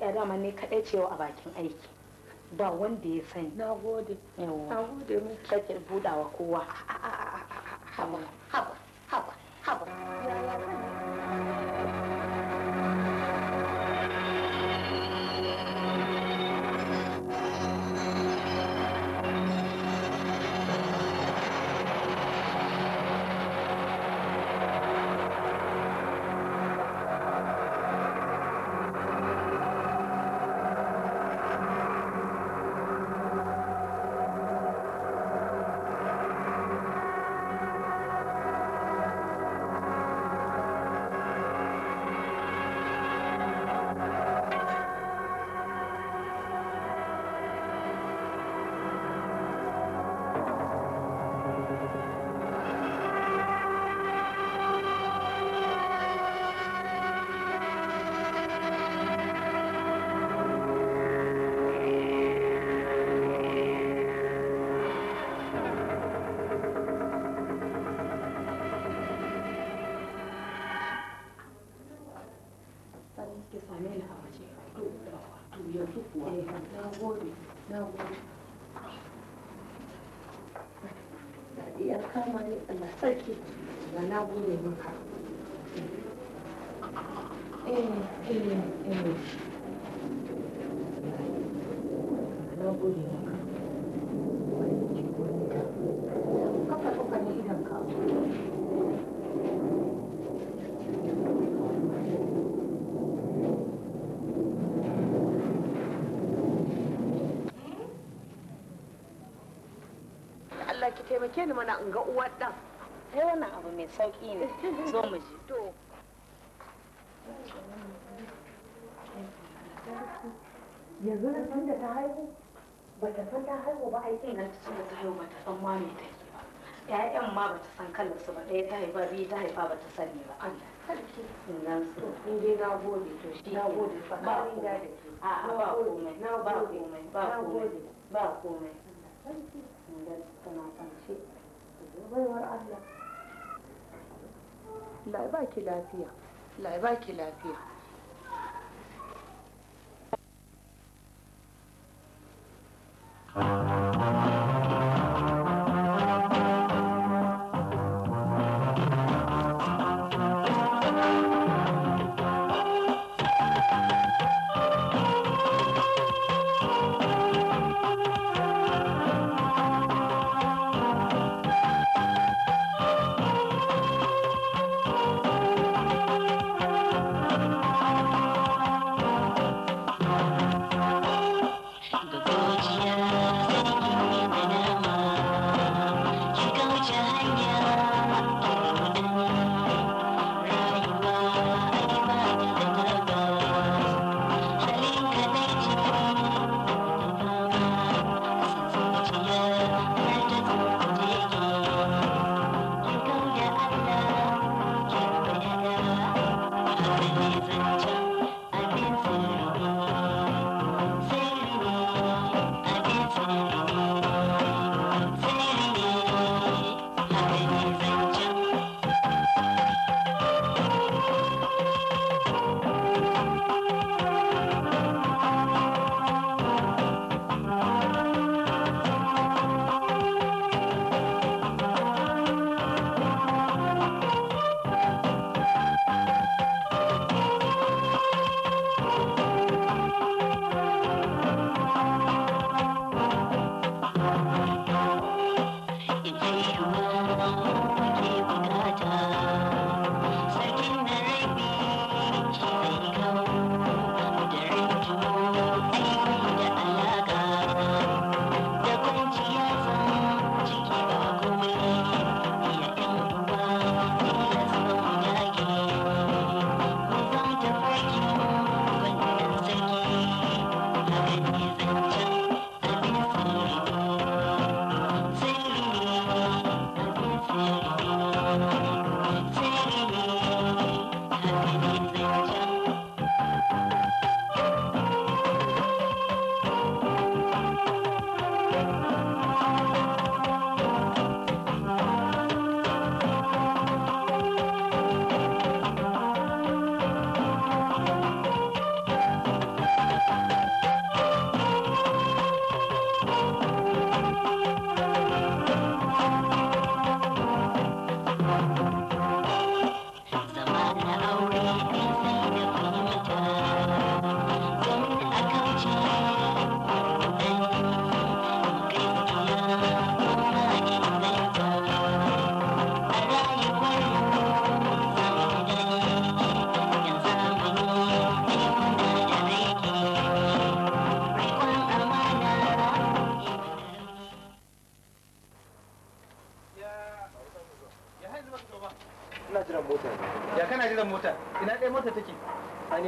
ya dama ne kaɗai cewa a bakin aiki ba wanda ya sani na gode na gode miki kake budawa kowa haba haba taimake ni mana in ga uwar ɗan. Ai wannan abu mai sauƙi ne. Zo mu je. To. Yanzu na san da ta haihu ba ta san ta haihu ba ai ina ta san da ta haihu ba ta san ma me ta yi ba. Ƴaƴan ma ba ta san kallon su ba ɗaya ta haifa biyu ta haifa ba ta sani ba. sarki. In dai na gode to shi na gode fa ba komai. ba komai ba komai ba komai ba komai. من لا باكي لا Thank you.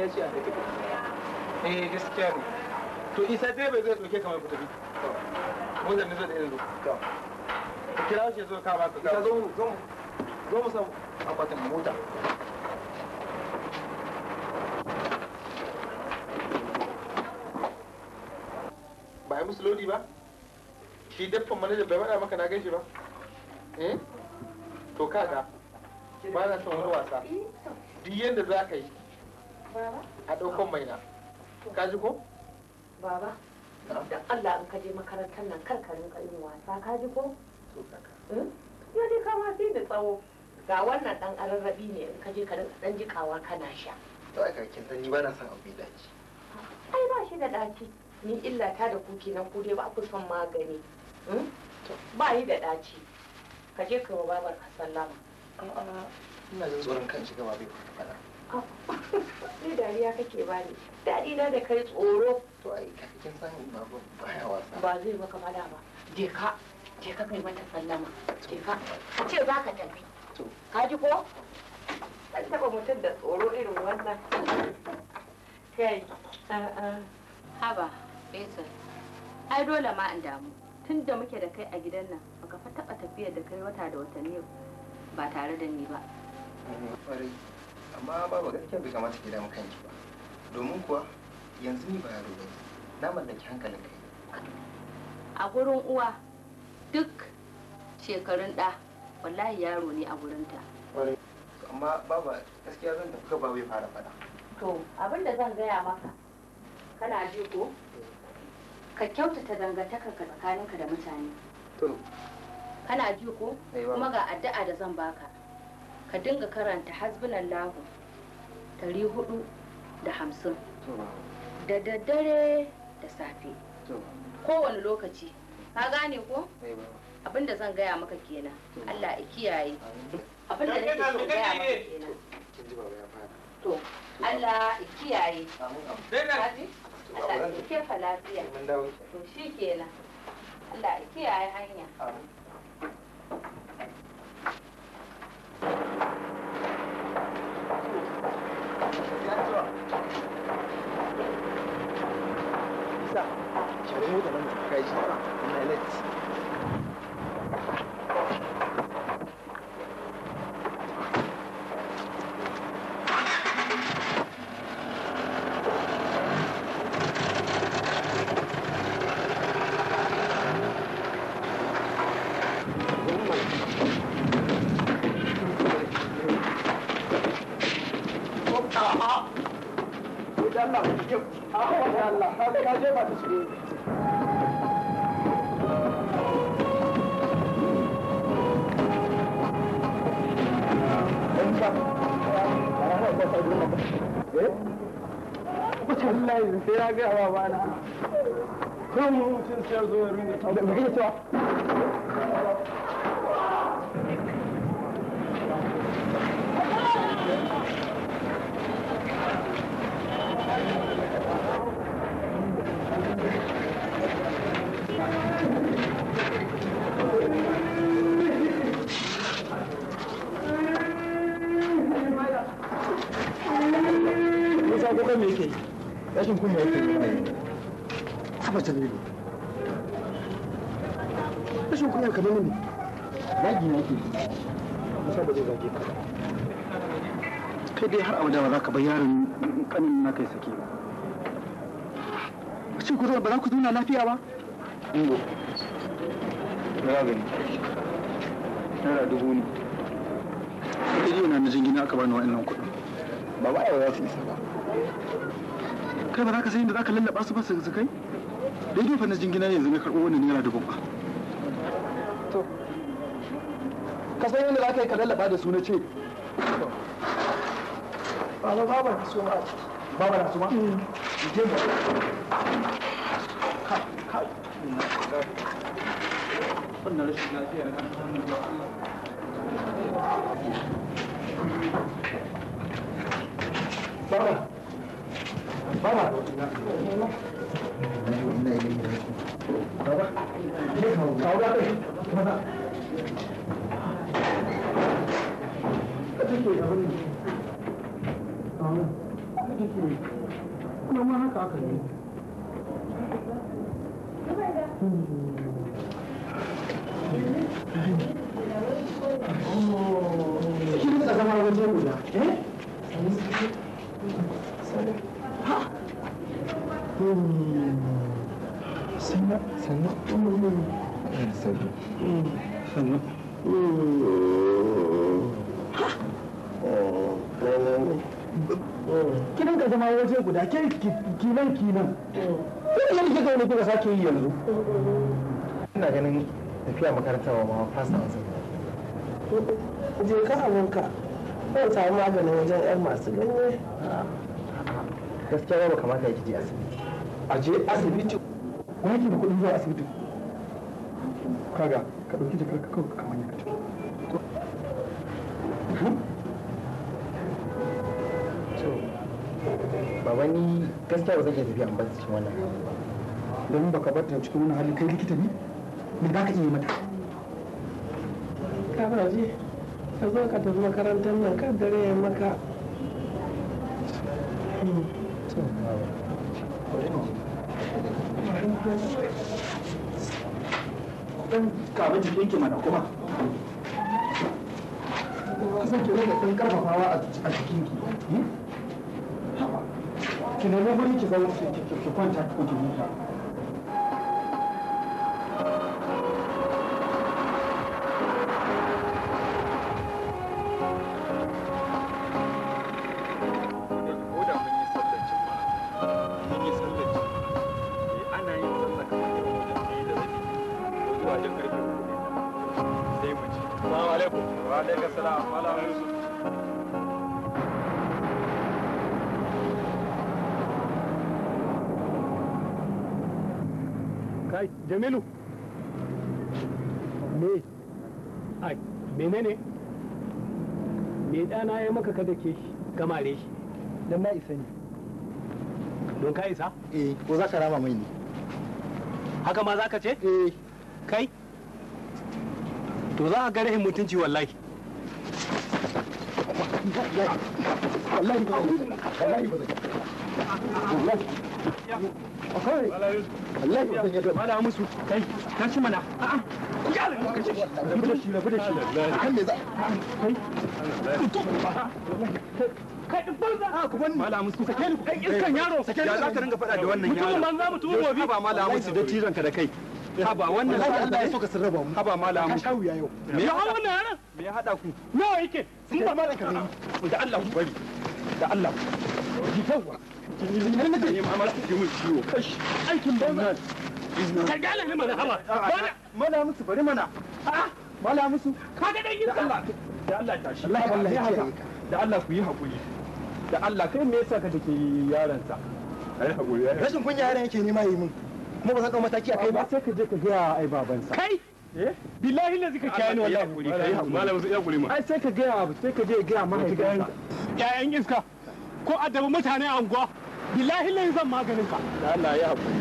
ya ce a da kika eh gaskiya ne to isa dai bai zai doke kamar ku tafi wanda ne zai da yanzu to kira shi zo ka ba ka zo zo zo mu san akwatin mota ba musu lodi ba shi daffan manajan bai bada maka na gaishe ba eh to kaga ba na son wani wasa eh, duk yadda za ka yi Baba? A ɗaukon mai na. Ka ji ko? Baba, da Allah in ka je makarantar nan kar ka rinka yin wasa ka ji ko? To kaka. Eh? Ya dai ka ma sai da tsawo. Ga wannan ɗan ararrabi ne in ka je ka rinka ɗan jikawa kana sha. To a kakin dan ni ba na son abu mai ɗaci. Ai ba shi da ɗaci. Ni illa ta da kuke nan ku dai ba ku son magani. Hmm? Ba yi da ɗaci. Ka je ka wa babar ka sallama. ina jin tsoron kan shiga ba bai faɗa. Ni dariya kake bani. Daɗi na da kai tsoro. To ai kin san baya wasa. Ba zai maka ba. Je ka. Je ka kai mata sallama. Je ka. Ka ce za ka tafi. Ka ji ko? Ban taɓa mutum da tsoro irin wannan. Kai. Haba, Baisal. Ai dole ma in damu. Tun da muke da kai a gidan nan, baka fa taɓa tafiyar da kai wata da watanni ba tare da ni ba. amma babu gaskiya bai kamata ki damu kanki ba domin kuwa yanzu ni ba yaro ba na mallaki hankalin kai a gurin uwa duk shekarun ɗa wallahi yaro ne a ta. amma baba gaskiya zan tafi ba bai fara fada to abin da zan gaya maka kana ji ko ka kyautata dangantakarka tsakaninka da mutane kana ji ko eh, kuma ga addu'a da zan baka ka dinga karanta hasbunan lahu 450 da hamsin da daddare da safe kowane lokaci ka gane ko abinda zan gaya maka kenan Allah ya kiyaye abinda nake so gaya maka kenan to Allah ya kiyaye Allah ya kefa lafiya to shi kenan Allah ya kiyaye hanya sai na gaya wa bana. Kun mutum sai zo ya Da bikin cewa rashin kunya yake haba jamilu rashin kunya kamar ne zagi na ke musa ba zai zage kai dai har abada ba za ka bar yaron kanin na kai sake ba shin ku ba za ku zauna lafiya ba ingo ya gani naira dubu ne kuɗi na na jingina aka bani wa'annan kuɗin ba ba za su isa ba kai ba za ka san inda za ka lallaba su ba su kai da yi dofa na jingina yanzu na karɓo wannan naira dubu ba to ka san inda za ka yi ka lallaba da su na ce ba 走吧，别吵，走吧，这不就得了嘛？行是，waje guda ke kilan kilan kuma yanzu kika wani kuka sake yi yanzu ina ganin tafiya makaranta wa ma fasa wasu je ka abinka ta samu maganin wajen yan masu ganye gaskiya ba kamata yake je asibiti a je asibiti wani yake da kuɗin zuwa asibiti kaga ka ɗauki jakar ka kawai kamar ya ka ba wani gaskiya ba zai tafiya ba cikin wannan domin ba don baka bar ta cikin wannan hali kai likita ne me za ka iya mata ka ba ji ka zo ka tafi makarantar nan ka dare ya maka dan kaba jikin ki mana kuma kusan ki rage dan karfafawa a jikinki ki hmm? ki nemi guri ki ga ki kwanta ki huta jamilu me ai menene me na ya maka kada ke shi gamare shi dan na isa ne don ka isa eh ko za ka rama mai ne haka ma za ka ce eh kai to za ka ga rahin mutunci wallahi wallahi wallahi wallahi akwai wallahi ya da kai tashi mana a'a da shi da shi kan kai kai a ni kai yaro ya za ka faɗa da wannan yaro ba da kai haba wannan Allah ya so ka sarrafa mu haba mala ka shawu yau me ya hawo wannan yaran me ya hada ku nawa yake mun ba mala ne da Allah ku bari da Allah ku jikawa jini ne nake nema aikin bari mana da Allah ku yi hakuri da Allah kai me yasa ka take ai rashin yake nema yi min kuma ba san dau mataki a kai ba sai ka je ka gaya ai babansa. kai billahi lazi ka kiyaye wallahi kai malam sai ya gure ai sai ka ga sai ka je ga mahaifinka yayan iska ko addabi mutane a unguwa billahi lai zan maganin ka Allah ya hakuri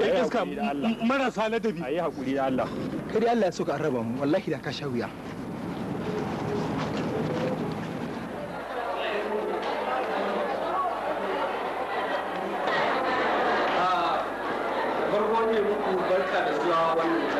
ya iska marasa ladabi ayi hakuri da Allah kai Allah ya soka araba mu wallahi da ka sha wuya farko ah, ne barka da zuwa wannan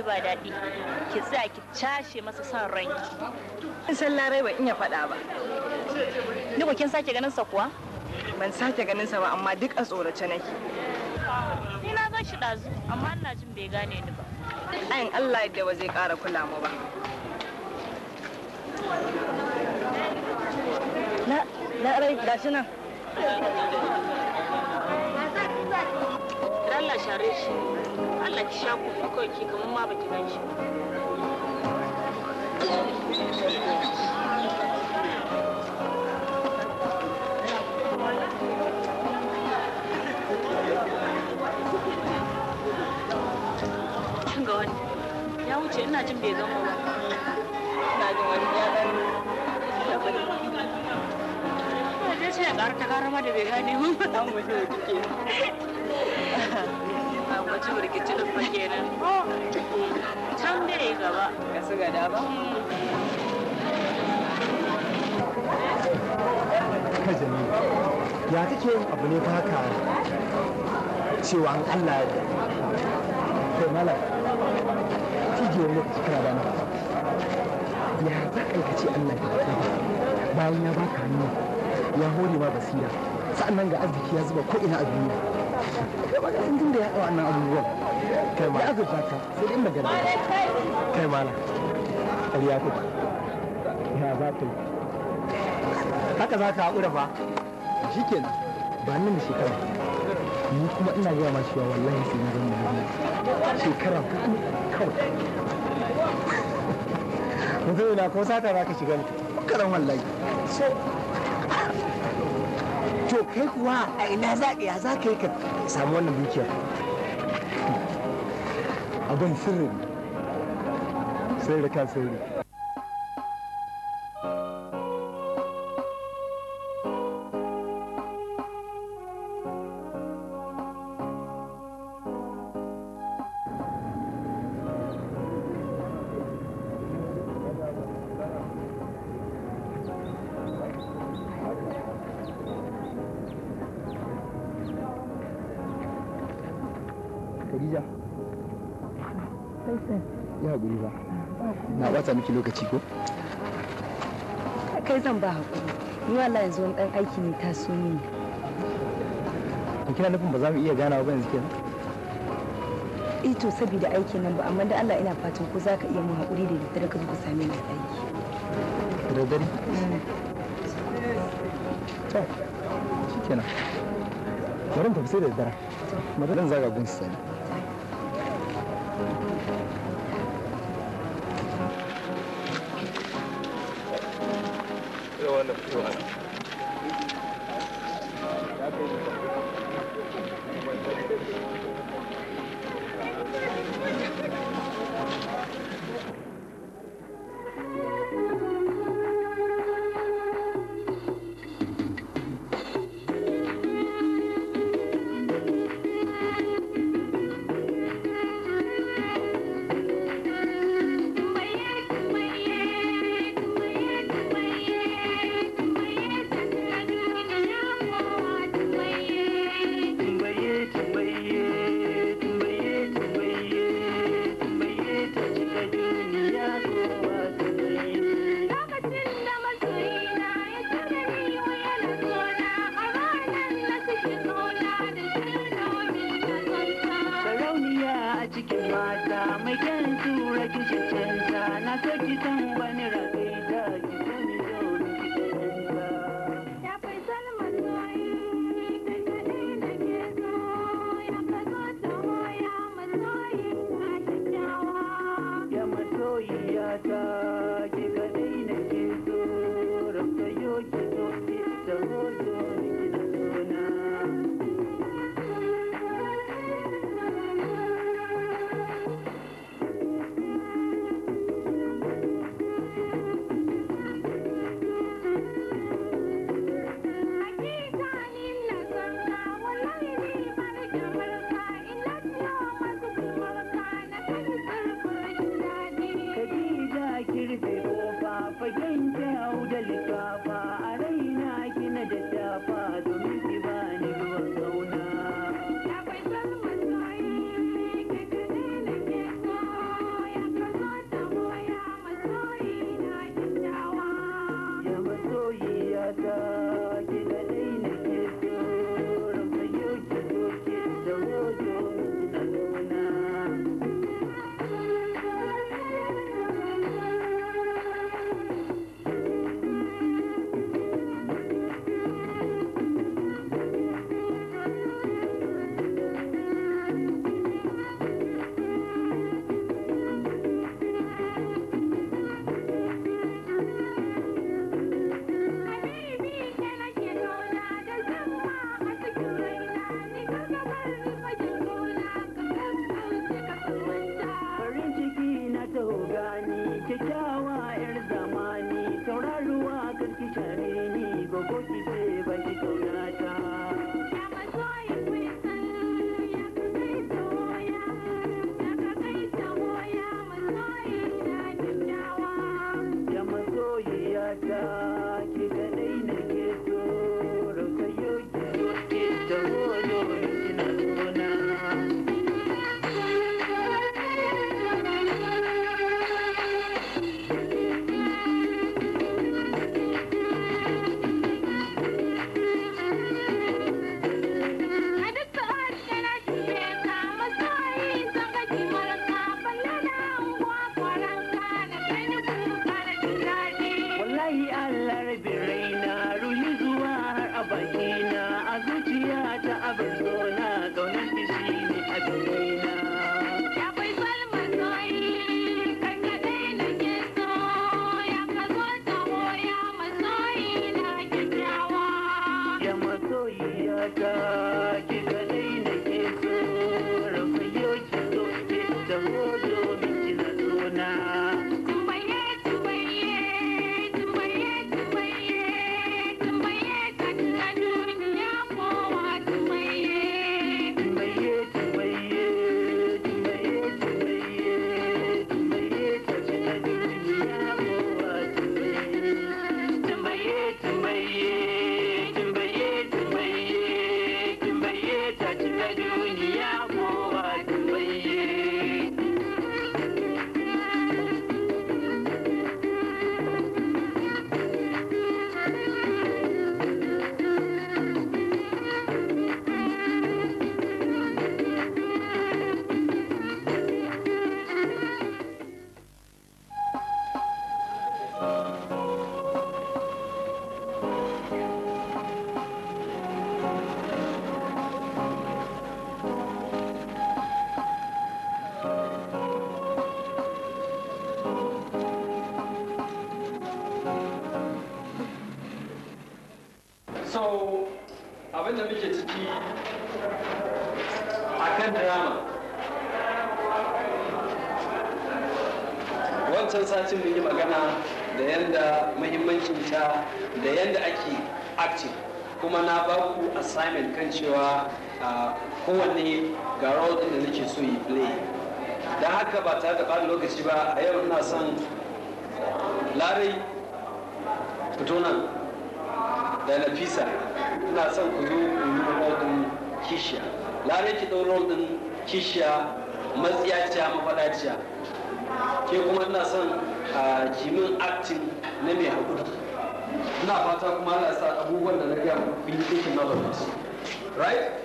ki ba daɗi ki tsaya ki cashe masa son ranki in san larai ba in ya faɗa ba ni ko kin sake ganin sa kuwa ban sake ganin sa ba amma duk a tsorace nake ni na gan shi ɗazu amma ina jin bai gane ni ba ayin Allah yadda ba zai ƙara kula mu ba na na rai gashi nan Allah share shi Allah ki sha kofi kawai ki kamar ma baki gan shi ya wuce ina jin bai gama ba ina jin wani ya gani ya ce ya ƙara ta ƙara ma da bai gane mun mu wacce birkici din fa kenan can da gaba ka su gada ba ka jami ya take abu ne ba ka cewa an Allah ya kai mala da ya za ka yi Allah ya bayan ya baka hannu ya hore ma basira nan ga arziki ya zuba ko ina a duniya kai ba ga sun zaka sai dai magana kai ma za yi haka za ka haƙura ba. shi ke ba nan da shekara ni kuma ina gaya ma cewa wallahi sai na zama na shekara kawai mutum ina ko sata za ka shiga ne wallahi so kai kuwa a ina za ya za ka yi ka samu wannan dukiyar abin sirri sai da kan sirri miki lokaci ko kai zan ba hakuri ni wallahi yanzu wani dan aiki ne ta so ni kina nufin ba za mu iya ganawa ba yanzu kenan eh to saboda aiki nan ba amma da Allah ina fatan ko zaka iya mu hakuri da daddare ka zo ka same ni aiki da daddare mm. to shikenan bari mu tafi sai da daddare madan zaga gunsa ne Thank you. lokaci ba a yau ina son larai fito nan da nafisa ina son ku zo yi rodin kishiya larai ki ɗau rodin kishiya matsiyaciya mafaɗaciya ke kuma ina son a jimin aktin na mai haƙuri ina fata kuma ana sa abubuwan da na gaya ku yi kishin na right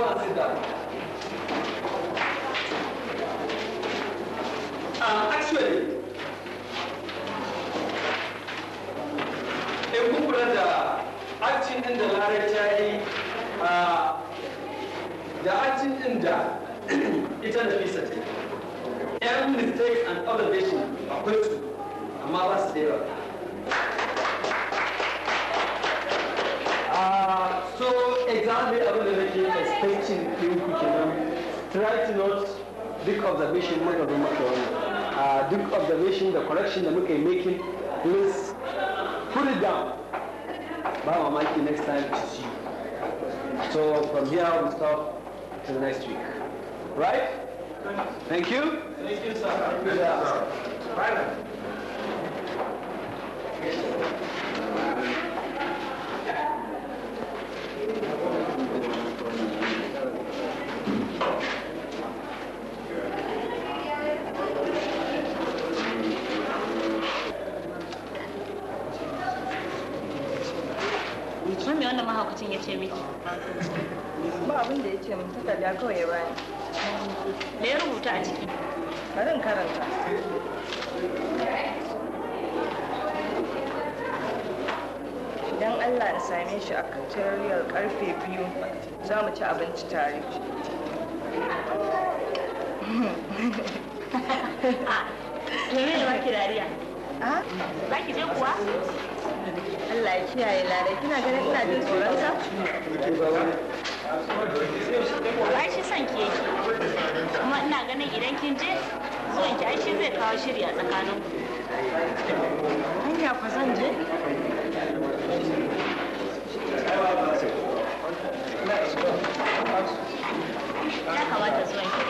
doa a cidade. duk observation the da muka yi a duk observation da correction da muka yi making please put it down ba mamaki next time to see you so from here we stop till next week right thank you thank you sir yeah. mutum ya ce miki? Ba abin da ya ce min takarda kawai ya bani. Me ya rubuta a ciki? Bari zan karanta. Idan Allah in same shi a kantariyar karfe biyu za mu ci abinci tare. ne ba ki dariya. Ba ah? ki je kuwa? Allah ya kiyaye lada kina ganin ina jin tsoron ka ba shi son ki yake kuma ina ganin idan kin je zuwan ki shi zai kawo shirya tsakanin hanya ku zan je ya kamata zuwan ki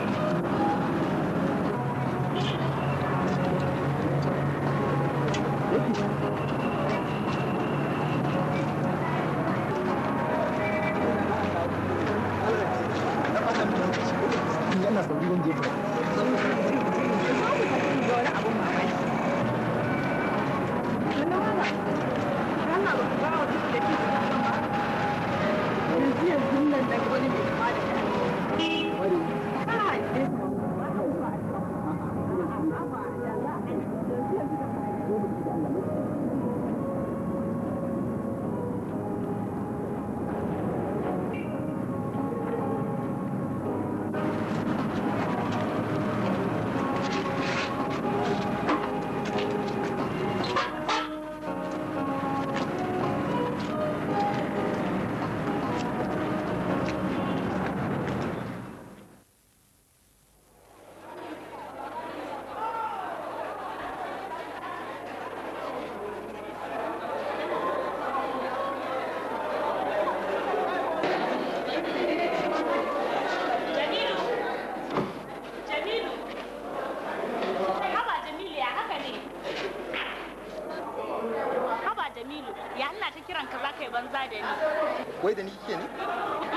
wai da ni kike ne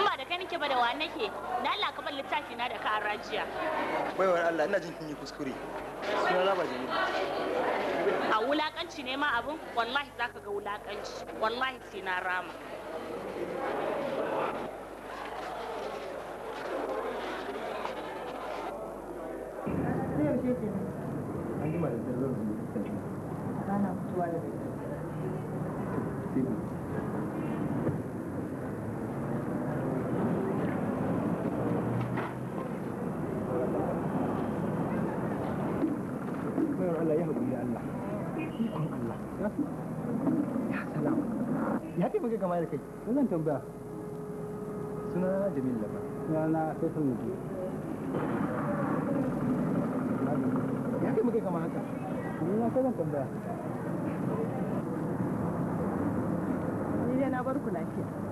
in ba da kai nake ba da wa nake na Allah ka bar littafi na da ka arajiya wai wai Allah ina jin kin yi kuskure suna na ba jini a wulakanci ne ma abun wallahi zaka ga wulakanci wallahi sai na rama ya kai maka kama da kai zan tambaya suna jamil lafa suna na sai sun mutu ya kai maka kama haka ni na zan tambaya ni dai na bar ku lafiya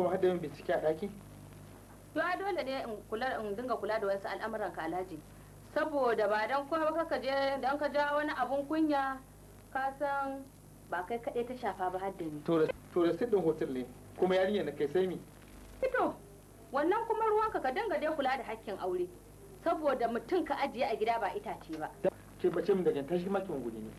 kuma hada yin bincike a ɗaki? to a dole ne in kula in dinga kula da wasu al'amuran ka alhaji saboda ba dan kowa ba ka je dan ka ja wani abun kunya ka san ba kai kaɗai ta shafa ba har da to da sirrin hotel ne kuma yarinya na kai sai mi. fito wannan kuma ruwanka ka dinga dai kula da hakkin aure saboda mutum ka ajiye a gida ba itace ba. ke bace min daga tashi makin gudu ne.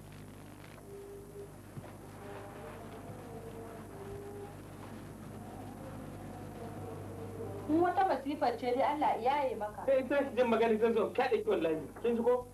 kwance dai Allah ya yi maka. Kai ita jin magana zan zo kaɗe ki wallahi. Kin ji ko?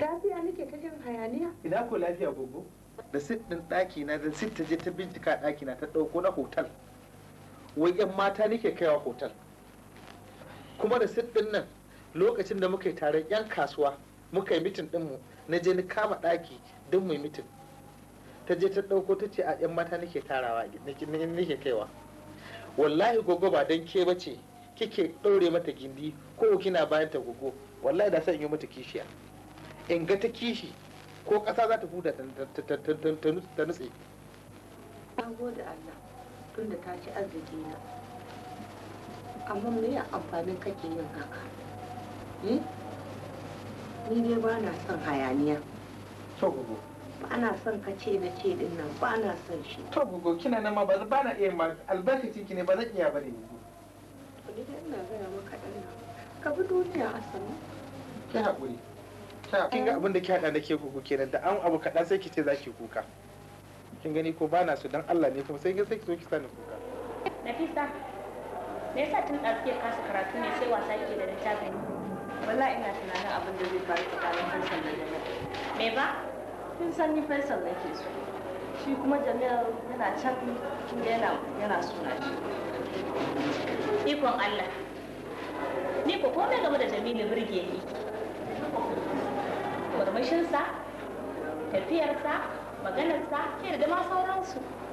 Lafiya nake ta jin hayaniya? Ina ko lafiya gogo? Da sit ɗin ɗaki na da sit ta je ta bincika ɗaki na ta ɗauko na hotel. Wai 'yan mata nake kaiwa hotel. kuma da din nan lokacin da muka yi taron 'yan kasuwa muka yi mitin ɗinmu na je ni kama ɗaki don mu yi mitin ta je ta ɗauko ta ce a 'yan mata nake tarawa nake kaiwa wallahi gogo ba don ke bace kike daure mata gindi ko kina bayan ta gogo wallahi da sai in yi mata kishiya in ga ta kishi ko kasa za ta huda ta nutse. An gode Allah tun ta ci arziki amma me ya amfanin kake yin haka hmm? ni dai ba na son hayaniya ba na son ka ce na ce din nan ba na son shi to kina nan ma ba na iya ma albarkacin ki ne ba zan iya ba ne ka bi duniya asali haƙuri kin ga abin da ki haɗa da ke kenan da an abu kaɗan sai ki ce za ki kuka kin gani ko ba na so don Allah ne kuma sai sai ki zo ki sani kuka Nafisa me yasa tun ɗazu ya kasa karatu ne sai wasa ke da littafin wallahi ina tunanin abin da zai faru tsakanin faisal da jami'a me ba kin san ni faisal ke so shi kuma jami'a yana can inda yana yana suna shi ikon Allah ni ko komai game da Jamilu burge ni murmushinsa tafiyarsa maganarsa ke da ma sauransu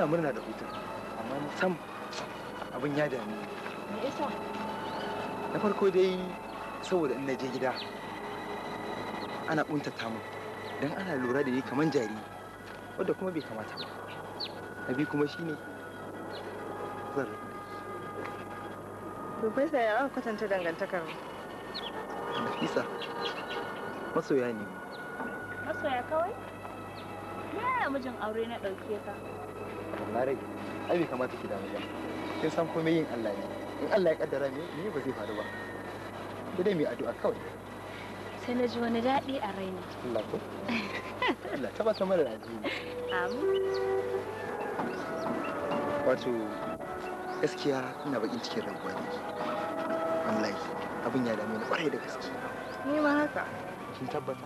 suna murna da hutun amma sam abin ya dami me yasa na farko dai saboda in je gida ana kuntata mu dan ana lura da ni kaman jari wanda kuma bai kamata ba na bi kuma shine zan Profesa ya aka kwatanta dangantakar Nafisa, masoya ne. Masoya kawai? Yaya mijin aure na ɗauke ka? larai ai bai kamata ki damu ba kin san komai yin Allah ne in Allah ya kaddara ne ni ba zai faru ba da dai mai addu'a kawai sai na ji wani daɗi a raina Allah ko Allah ta mara ne. amin wato gaskiya ina bakin cikin rabuwa ne wallahi abin ya dame ni kwarai da gaske ni ma haka kin tabbata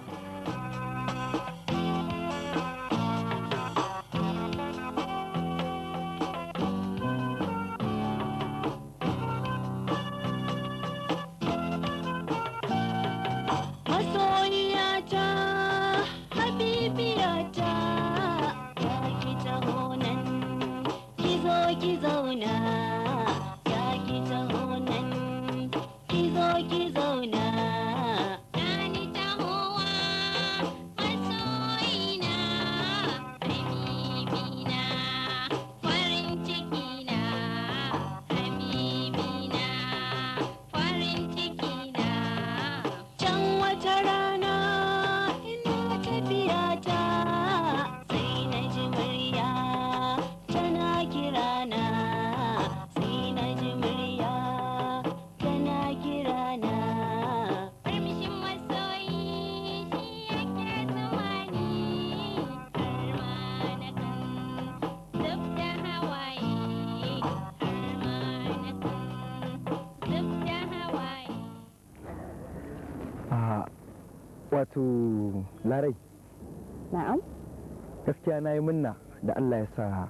yi munna da Allah ya sa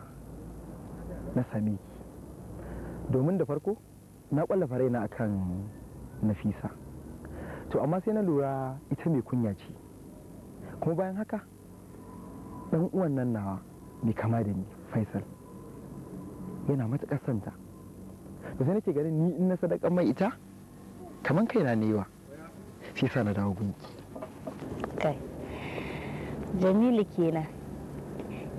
na sami domin da farko na kwallafa raina akan nafisa to amma sai na lura ita mai kunya ce kuma bayan haka dan uwan nan na mai kama da ni faisal yana matuƙar santa da sai nake ganin ni in na sadaka mai ita kaman kai na newa sai sa na dawo gunki kai jamilu kenan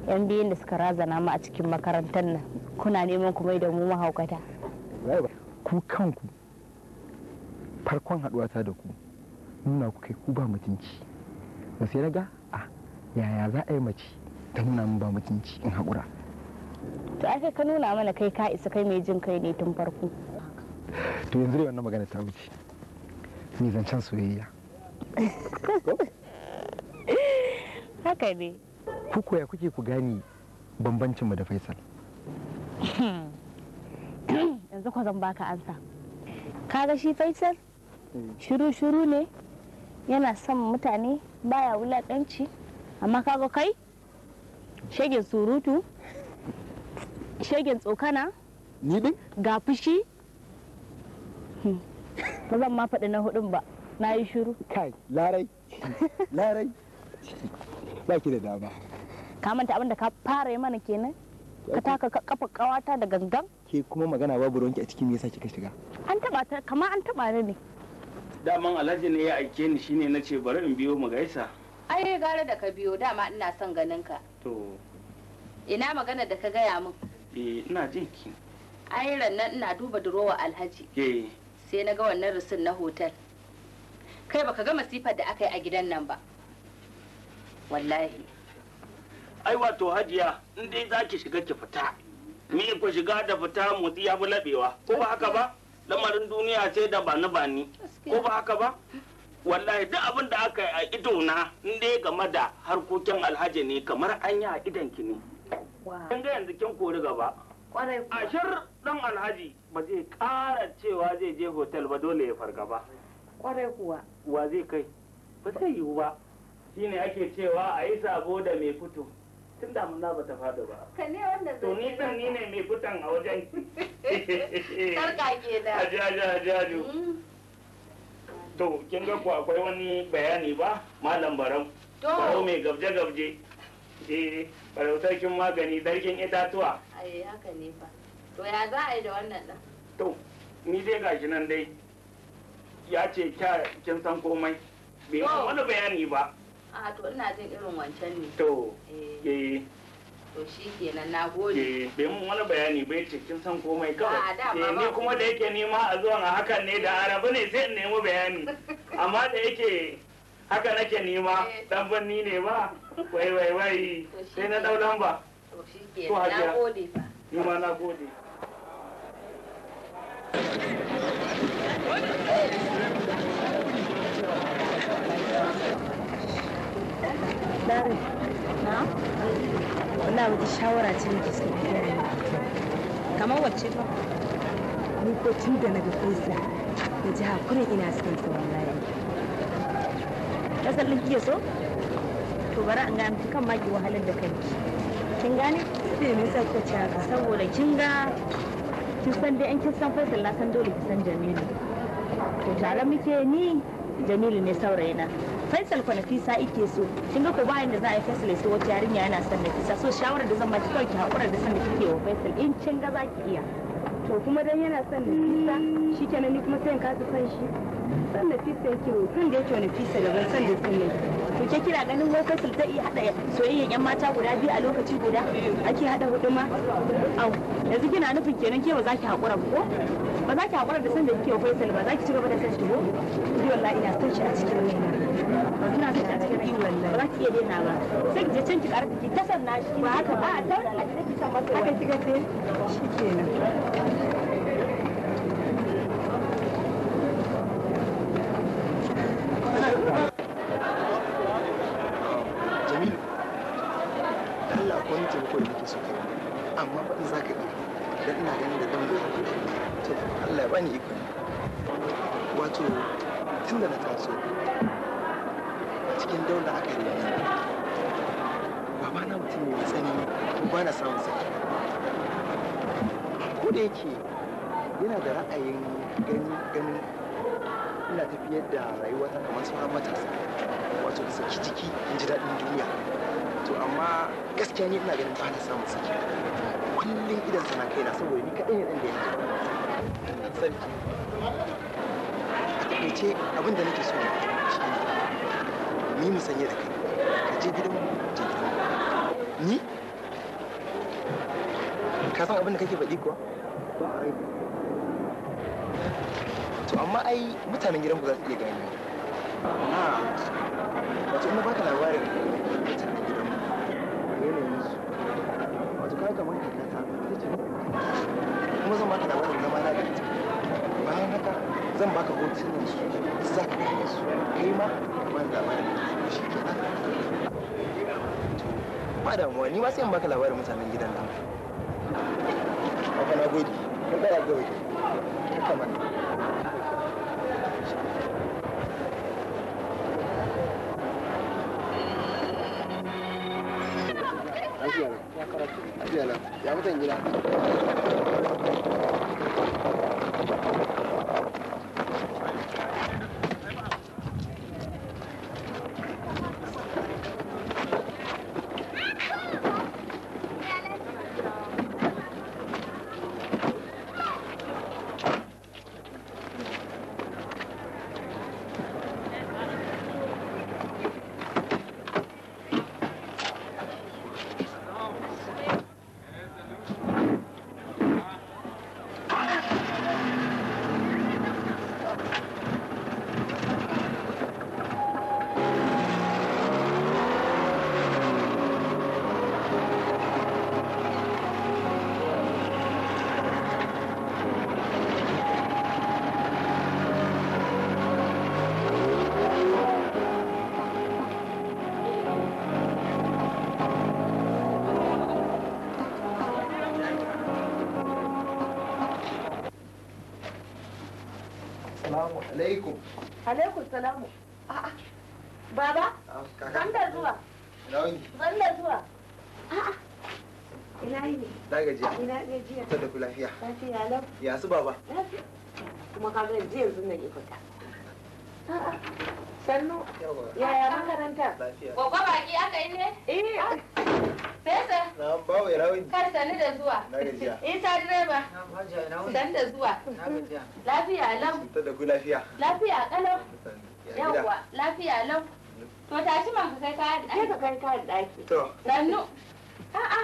yan biyun da suka razana mu a cikin makarantar nan kuna neman kuma da mu mahaukata ku kanku farkon haduwata da ku nuna ku kai ku ba mutunci ba sai raga a yaya za a yi mace ta nuna mu ba mutunci in haƙura to ai ka nuna mana kai ka isa kai mai jin kai ne tun farko to yanzu dai wannan magana ta wuce ni zancen soyayya haka ne ku koya kuke ku gani bambancinmu da faisal hmm. yanzu ko zan baka ansa kaga shi faisal shiru shiru ne yana son mutane baya wulaƙanci amma kaga kai shegen surutu shegen tsokana ga fushi hmm. ba zan ma faɗi na hudun ba na yi shiru kai larai larai ba ki da dama ka manta abin da ka fara yi mana kenan ka taka kafa kawata da gangan ke kuma magana babu ruwanki a cikin me yasa kika shiga an taba ta kamar an taba ni ne daman alhaji ne ya aike ni shine na ce bari in biyo mu gaisa ai gara da ka biyo dama ina son ganin ka to ina magana da ka gaya min eh ina jin ki ai rannan ina duba durowa alhaji eh sai na ga wannan rusun na hotel kai baka ga masifar da aka yi a gidan nan ba wallahi ai wato hajiya in dai za ki shiga ki fita ni ku shiga da fita motsi ya fi labewa ko ba haka ba lamarin duniya ce da bani bani ko ba haka ba wallahi duk abin da aka yi a ido na in dai game da harkokin alhaji ne kamar an yi a idan ki ne kin ga yanzu kin kori gaba ashir dan alhaji ba zai kara cewa zai je hotel ba dole ya fargaba kwarai kuwa wa zai kai ba zai yiwu ba shine ake cewa a yi sabo da mai fito tun damuna ba ta fada ba. Ka ne wanda zai. To ni kan ni ne mai butan a wajen. Karka ke da. Aji aji aji aji. Hmm. To kin ga ku akwai wani bayani ba malam barau. To. Barau mai gabje gabje. Eh barau kin magani sarkin itatuwa. Ai haka ne fa. To ya za a yi da wannan ɗan? To ni dai gashi nan dai. Ya ce kin san komai. Bai wani bayani ba. a to ina jin irin wancan ne to eh, eh. to shi kenan na gode eh bai mun wani bayani bai ce kin san komai kawai eh ni kuma da yake nema a zuwan a hakan ne da arabu ne sai in nemi bayani amma da yake haka nake nema eh. dan banni ne ba wai wai wai sai na dau lamba to shi kenan na gode fa ni ma na gode Thank you. Larai, na? Wala wata shawara ce nake son kiyaye. Kamar wacce fa? Ni ko tun da na ga fesa da ji hakurin ina son sa wallahi. Kasar ɗin so? To bari an gane fi kan maki ki wahalar da kanki. Kin gane? Me yasa kika ci haka? Saboda kin ga kin san dai an kin san Faisal na san dole ki san Jamilu. To tare muke ni jamilu ne saurayi na faisal kwa nafisa ike so kin ga ko bayan da za a yi faisal so wata yarinya yana son nafisa so shawarar da zan ba ki kawai ki hakura da san da kike wa faisal in kin ga za ki iya to kuma dan yana son nafisa kenan ni kuma sai in kasa son shi san nafisa yake san da yake wa nafisa da ban san da san nafisa ke kira ganin wai ta iya hada soyayyen yan mata guda biyu a lokaci guda ake hada hudu ma au yanzu kina nufin kenan ke ba za ki hakura ko ba za ki hakura da san da kike faisal ba za ki cigaba da san shi ko ni wallahi ina son shi a cikin raina ba kina son shi a cikin raina wallahi ba za ki iya daina ba sai ki je can ki karfi ki tasanna shi ba haka ba a tauna a san masa haka kika ce shikenan ce ko nake so amma ba za ka iya da ina ganin da ya to Allah ya bani iko wato tun da na taso cikin daular aka yi baba na mutum mai tsani ba na samun saki ko da yake yana da ra'ayin gani ganin ina tafiyar da rayuwa ta kamar sauran matasa wato da saki ciki in ji daɗin duniya to amma gaskiya ni ina ganin ba na samu saki kullum idan sana kaina saboda ni kaɗai ne ɗan da ya sarki a taƙaice abin da nake so shi ni mu sanye da kai ka je gidan je gidan ni ka san abin da kake faɗi kuwa to amma ai mutanen gidan ku za su iya gani na wato ina baka labarin da mahaifiyata ta ce kuma zan baka labarin zama na da bayan haka zan baka hotunan su za ka yi su kai ma ba da labarin shi ke ba damuwa ni ma sai in baka labarin mutanen gidan nan. ba. na gode, kun kara gode. 也不对你了。alaikum alaikum salamu baba zan da zuwa zan da zuwa ina ne da gajiya ina gajiya ta tafi lafiya lafiya lau ya su baba kuma ka ga jiya yanzu nan ya fita sannu yaya makaranta gobe baki aka yi ne eh ah. sai sai na bawo ya rawin kar sani da zuwa na gajiya ita direba na san da zuwa. Lafiya lau. Ta da ku lafiya. Lafiya kalau. Yawwa, lafiya lau. To tashi man ka kai kayan ɗaki. Ka kai kayan ɗaki. To. Sannu. A'a.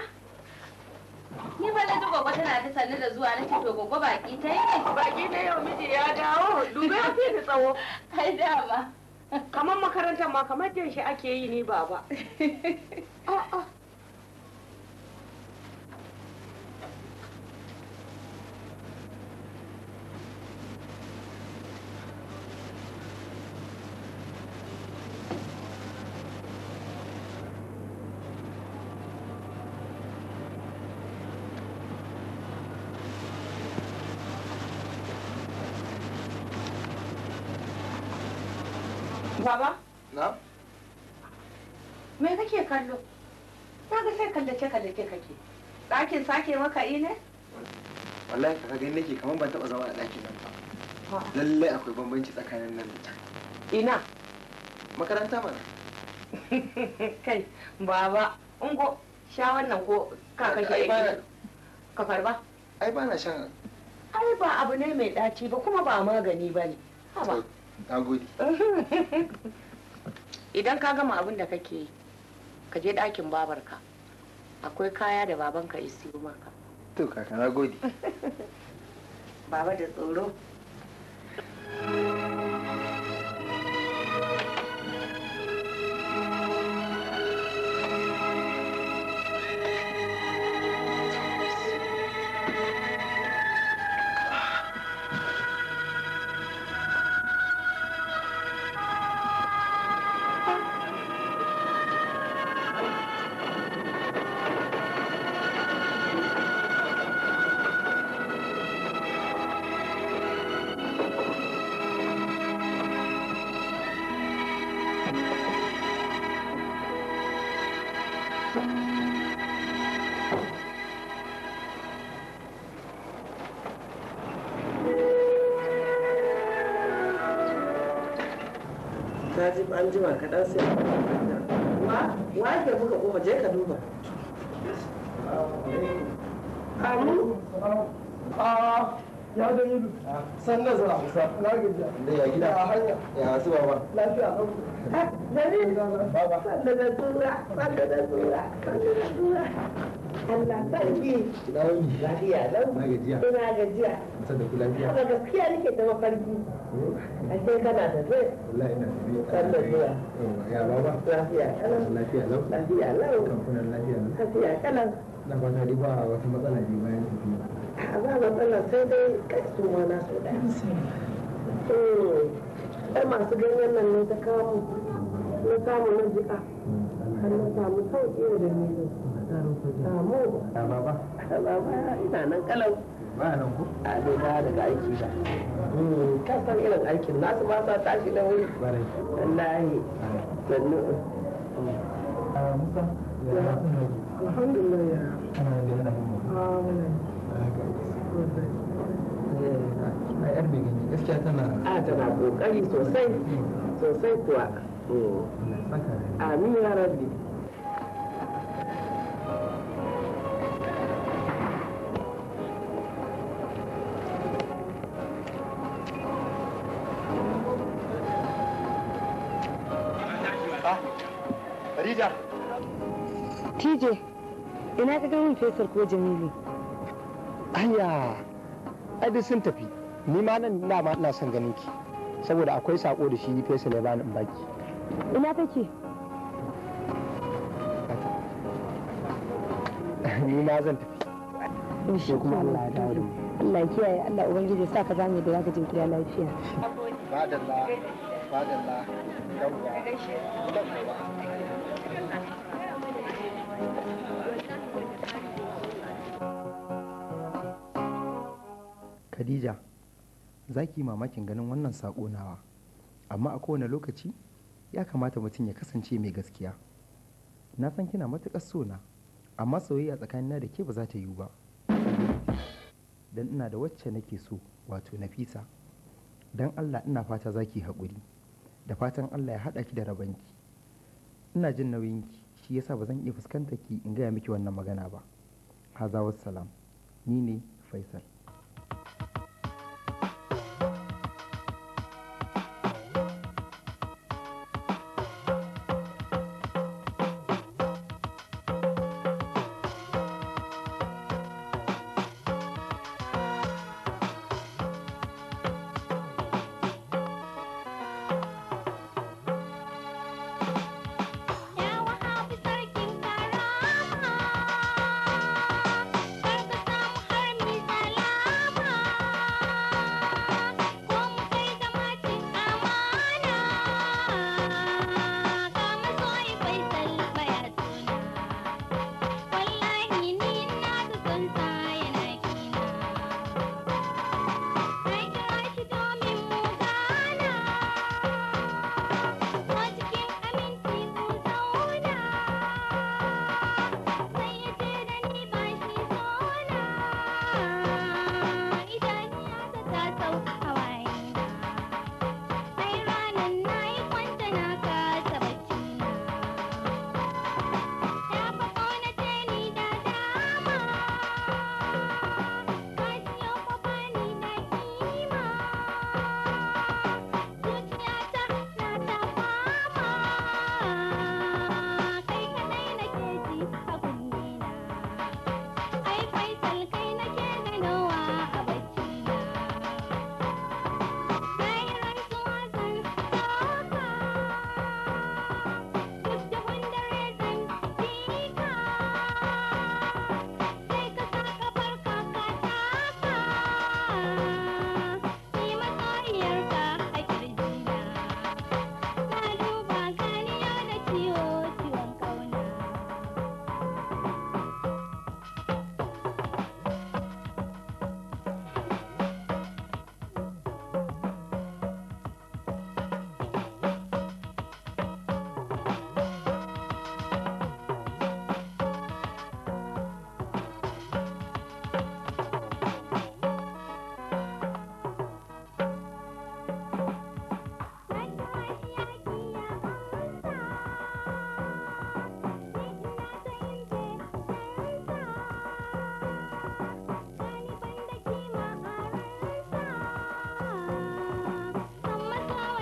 Ni ba na ji gogo tana ta sannu da zuwa na to gogo baki ta yi. Baki ta yau miji ya dawo. Dubi ya fi da tsawo. Ai dama. Kamar makarantar ma kamar jan shi ake yi ni baba. A'a. mijin take maka ne? wallahi ka gani nake kamar ban taɓa zama a ɗakin nan ba lallai akwai bambanci tsakanin nan ina makaranta mana kai baba ungo sha wannan ko ka kashe ka karba ai ba na shan ai ba abu ne mai ɗaci ba kuma ba magani ba ne haba na gode idan ka gama abin da kake yi ka je ɗakin babarka akwai kaya da babanka ya siyo maka to kaka na gode baba da tsoro jima kaɗan sai a wa ke muka goma je ka duba amu a ah, ya da yi san da zara na gajiya ya gida a hanya ya su ba lafiya da ah, ni baba san da da tura san da da tura san da da tura Allah sarki. Lafiya lau. Ina gajiya. Ina gajiya. Masa da Haka gaskiya nake ta mafarki. Oh. Ashe kana da zai. Wallahi ina da zuwa. Ya baba. Lafiya kalan. Lafiya lau. Lafiya lau. Kamfanin lafiya lau. Lafiya kalan. Na ba ta riba wata matsala ne bayan A ba matsala sai dai kasu ma na so Ɗan hmm. masu ganyen nan ne ta kawo na samu na jiƙa. Hmm. Har na samu sauƙi da dalilin. a baba baba ina nan kalau ba nan ku a dai ba daga aiki ba ka san irin aikin nasu ba sa tashi da wuri wallahi sannu musa a yar gaskiya tana a tana kokari sosai sosai kuwa amin ya rabbi DJ, ina ka ganin Faisal ko Jamilu? Aya, ai sun tafi. Ni ma nan na ma ina son ganin ki. Saboda akwai sako da shi ni Faisal ya bani in baki. Ina kake? Ni ma zan tafi. Insha kuma Allah ya dawo da Allah kiyaye Allah Ubangiji sa ka zamu da zaka jinkira lafiya. Madalla, madalla, yawwa. khadija za ki mamakin ganin wannan saƙo nawa amma a kowane lokaci ya kamata mutum ya kasance mai gaskiya na san kina matuƙar sona amma soyayya tsakanina da ke ba za ta yiwu ba don ina da wacce nake so wato nafisa don allah ina fata za ki haƙuri da fatan allah ya haɗa ki da rabanki ina jin nauyinki shi yasa ba zan iya fuskantar ki in gaya miki wannan magana ba haza salam ni ne faisal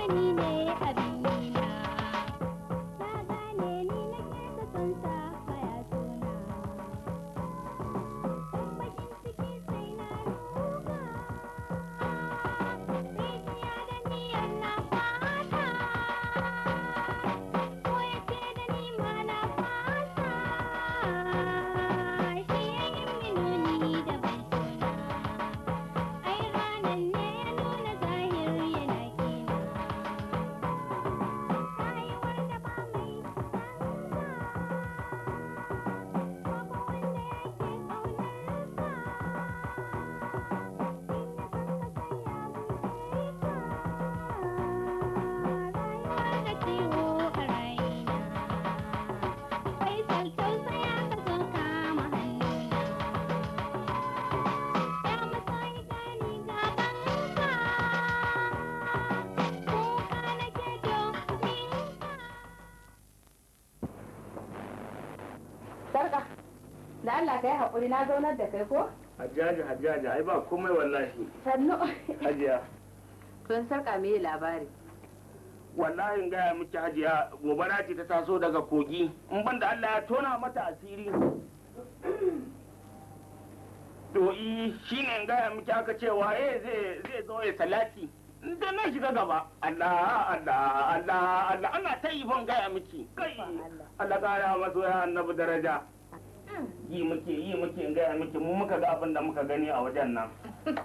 मैंने अब kai ka haƙuri na zaunar da kai ko? Hajjaji Hajjaji ai ba komai wallahi. Sannu. Hajiya. Tun sarƙa me labari. Wallahi gaya miki hajiya gobara ce ta taso daga kogi in ban da Allah ya tona mata asiri. Do'i shi ne gaya miki aka cewa eh zai zo ya salati. da na shiga gaba Allah Allah Allah Allah ana ta yi ban gaya miki kai Allah ƙara masoya annabi daraja yi muke yi muke gaya muke mu muka ga abin da muka gani a wajen nan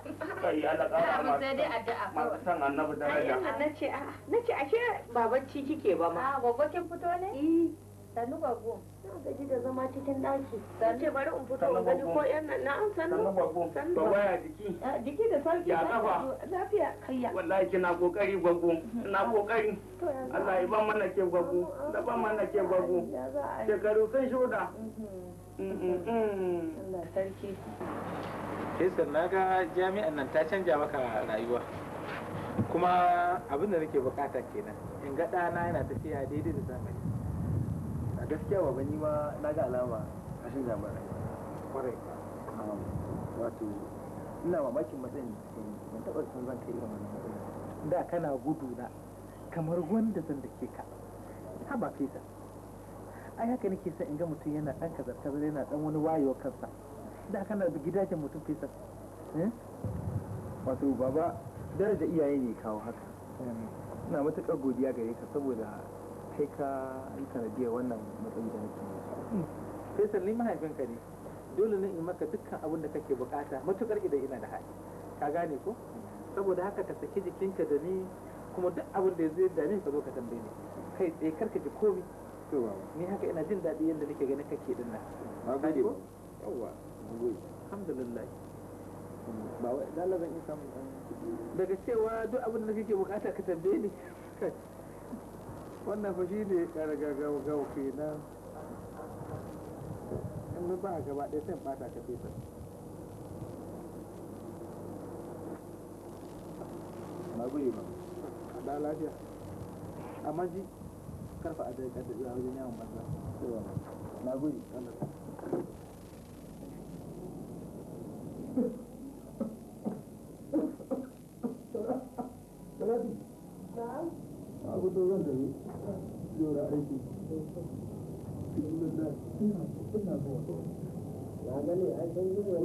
kai ya da ƙara amma sai dai addu'a ma san annabi da daraja nace a nace a ashe babanci kike ba ma a gogo kin fito ne eh sanu gogo na gaji da zama cikin daki sai ce bari in fito ga gaji ko yan nan na an sanu sanu gogo to baya jiki ah, jiki da sauki ya kafa lafiya kayya wallahi kina kokari gogo ina kokari mm-hmm. Allah ya ban mana ke gogo da mm-hmm. ban mana ke gogo shekaru sun shoda mm-hmm. Allah sarki. na ga jami'an nan ta canja maka rayuwa. Kuma abin da nake bukata kenan. In ga ɗana yana tafiya daidai da zamani. A gaskiya wa bani ma na ga alama a shan zamani Kwarai. Wato ina mamakin matsayin ban taɓa san zan kai irin wannan matsayin. Da kana gudu na kamar wanda zan da ke ka. Haba Faisal. ai haka nake son in ga mutum yana dan kazarta zai yana dan wani wayo kansa da haka na gidajen mutum fesa eh? wato baba daraja iyaye ne kawo haka ina matuƙar godiya gare ka saboda kai ka yi sanadiyar wannan matsayi da nake fesa ni mahaifinka ne dole ne in maka dukkan abin da kake bukata matuƙar idan ina da hali ka gane ko saboda haka ka saki jikinka da ni kuma duk abin da zai ni ka zo ka tambaye ni kai tsaye karka ji komai ni haka ina jin daɗi yadda nake ganin kake din nan gode ba yawa gode alhamdulillah ba wai daga cewa duk abin da kake bukata ka tambaye ni wannan ne kare gaggawa in ba gaba ɗaya sai bata ka fesa gode ba a da lafiya amma ji Makar Pak ada kata dia punya yang pasal. Lagu ni kalau Aku tu kan dari Jura IT Bila dah Tengah Tengah Tengah Tengah Tengah Tengah Tengah Tengah Tengah Tengah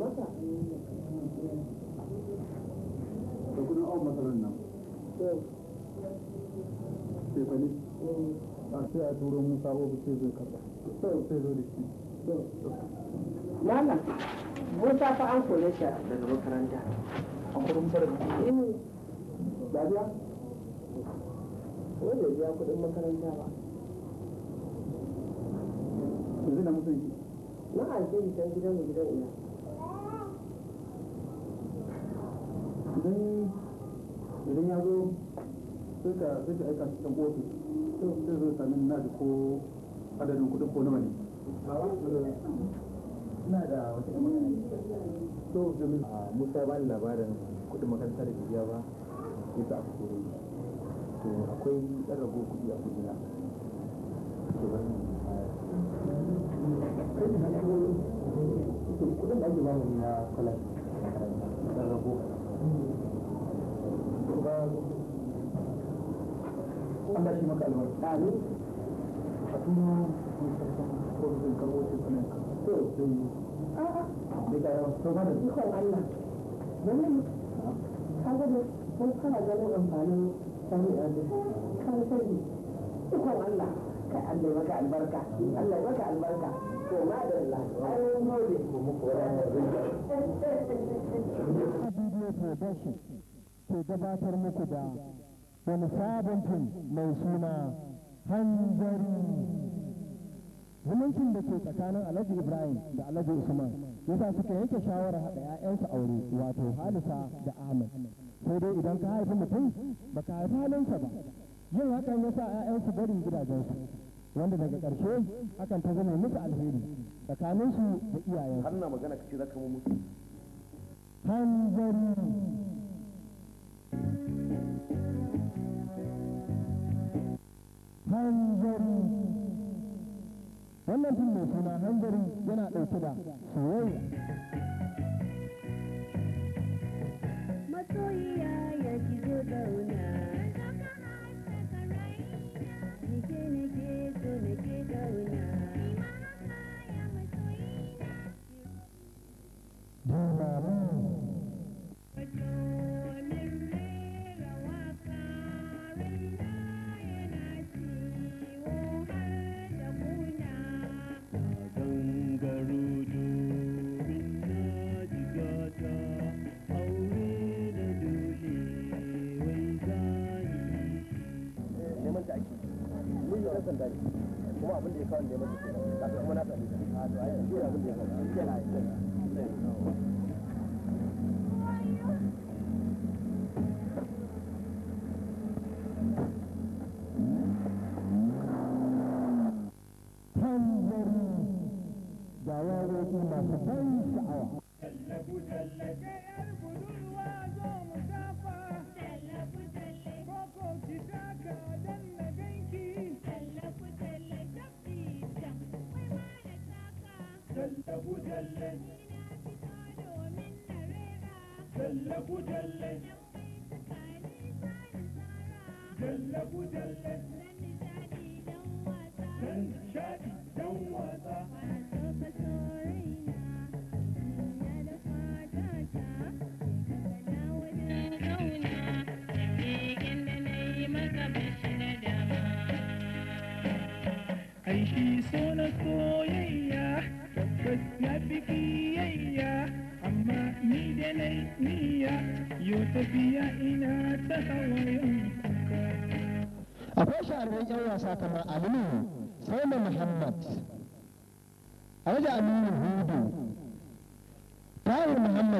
Tengah Tengah Tengah Tengah Tengah a sai a turo musa ko sai zai karba sai zo da shi musa fa an kore shi daga makaranta an eh. wanda biya makaranta ba yanzu na na can gidan mu gidan ina idan ya zo sai ka sai ka aika cikin ofis sai zo sami na da ko adadin kuɗin ko nawa ne ina da wata ɗan magana so jami'a ah, musa ba ni labarin kuɗin makarantar da biya ba ya sa aka kore to akwai ɗan rago kuɗi a kujina to ban kuɗin da ake ba mu na kala ɗan rago Allah shi maka albarka amin a tuna ka sai daga to da ikon Allah ka ne ko kana ganin amfanin da kan sani ikon Allah kai Allah maka albarka Allah maka albarka to ai gode ko muku gabatar muku da wani sabon fim mai suna hanzari zumuncin da ke tsakanin alhaji ibrahim da alhaji usman ya sa suka yanke shawarar haɗa 'ya'yansu aure wato halisa da ahmed sai dai idan ka haifi mutum ba ka haifi halinsa ba yin hakan ya yasa 'ya'yansu barin gidajensu wanda daga ƙarshe hakan ta zama musu alheri tsakaninsu da iyayen har na magana kace zaka mu mutu hanzari littafin mai suna hangari yana ɗauke da soyayya masoyiya ya ki zo zauna nake nake so nake zauna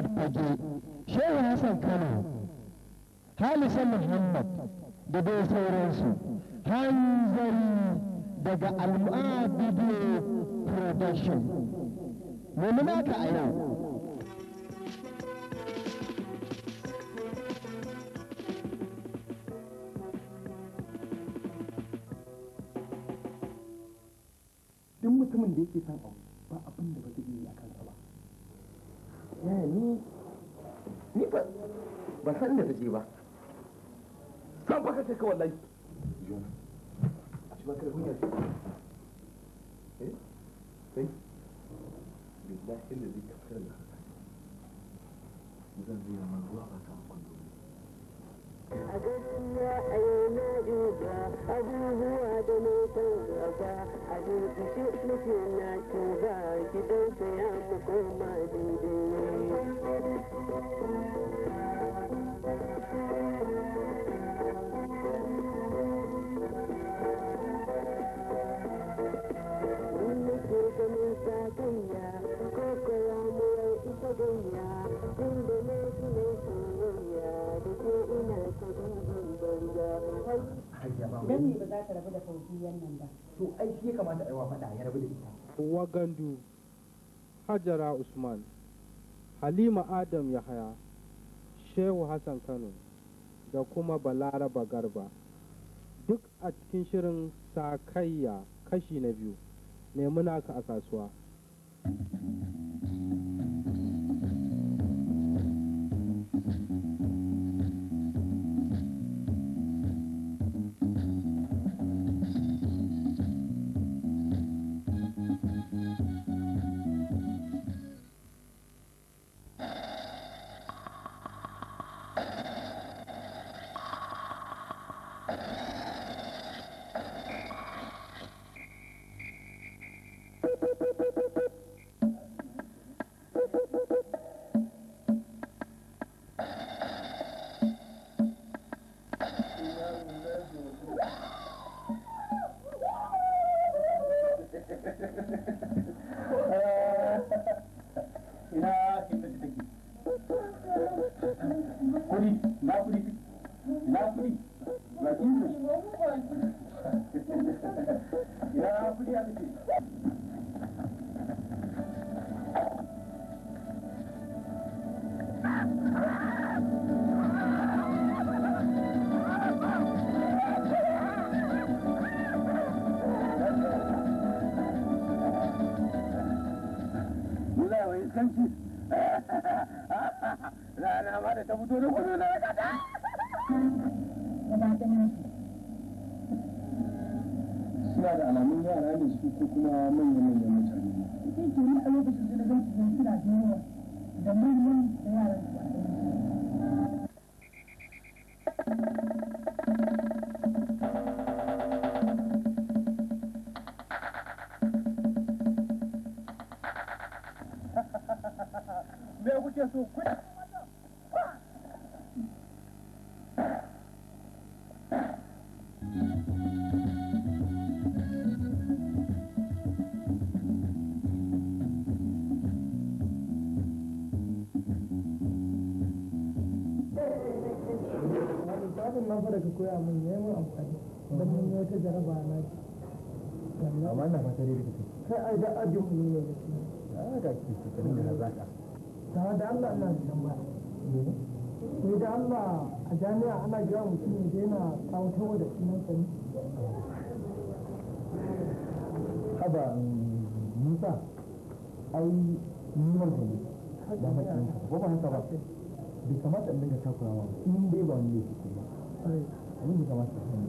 muhammad Fage, Shehu Hassan Kano, halisa Muhammad da dai sauransu, hanzari daga Al'a Video Production. Mummuna ka a yau. mutumin da yake son abu ba abin da ba zai iya kan ya ni ni ba ba san inda take ba san baka take wallahi yo a ci baka da hujja ce eh kai billahi alladhi kafara zan zira ma ruwa ba a gaskiya a yau abubuwa da na a gaba a durkushe nake na tuba gidansa ya mu koma daidai Thank you. soyayya tun da na gina soyayya da ke ina ta dubin banza dan ne ba za ta rabu da fauziyan nan ba to ai shi ya kamata a yi wa faɗa ya rabu da ita wagandu hajara usman halima adam yahaya shehu hassan kano da kuma balaraba garba duk a cikin shirin sakayya kashi na biyu ne nemi ka a kasuwa kai aida da ajin mu ne a ga ki cikin da hazaka ta da Allah da tambaya ne da Allah a jami'a ana jira mutum ne daina kawo da sunan sani haba musa ai niman ka ne da mutum ko ba haka ba bai kamata in dinga takurawa in dai ba ni ne ke ba abin da kamata ka sani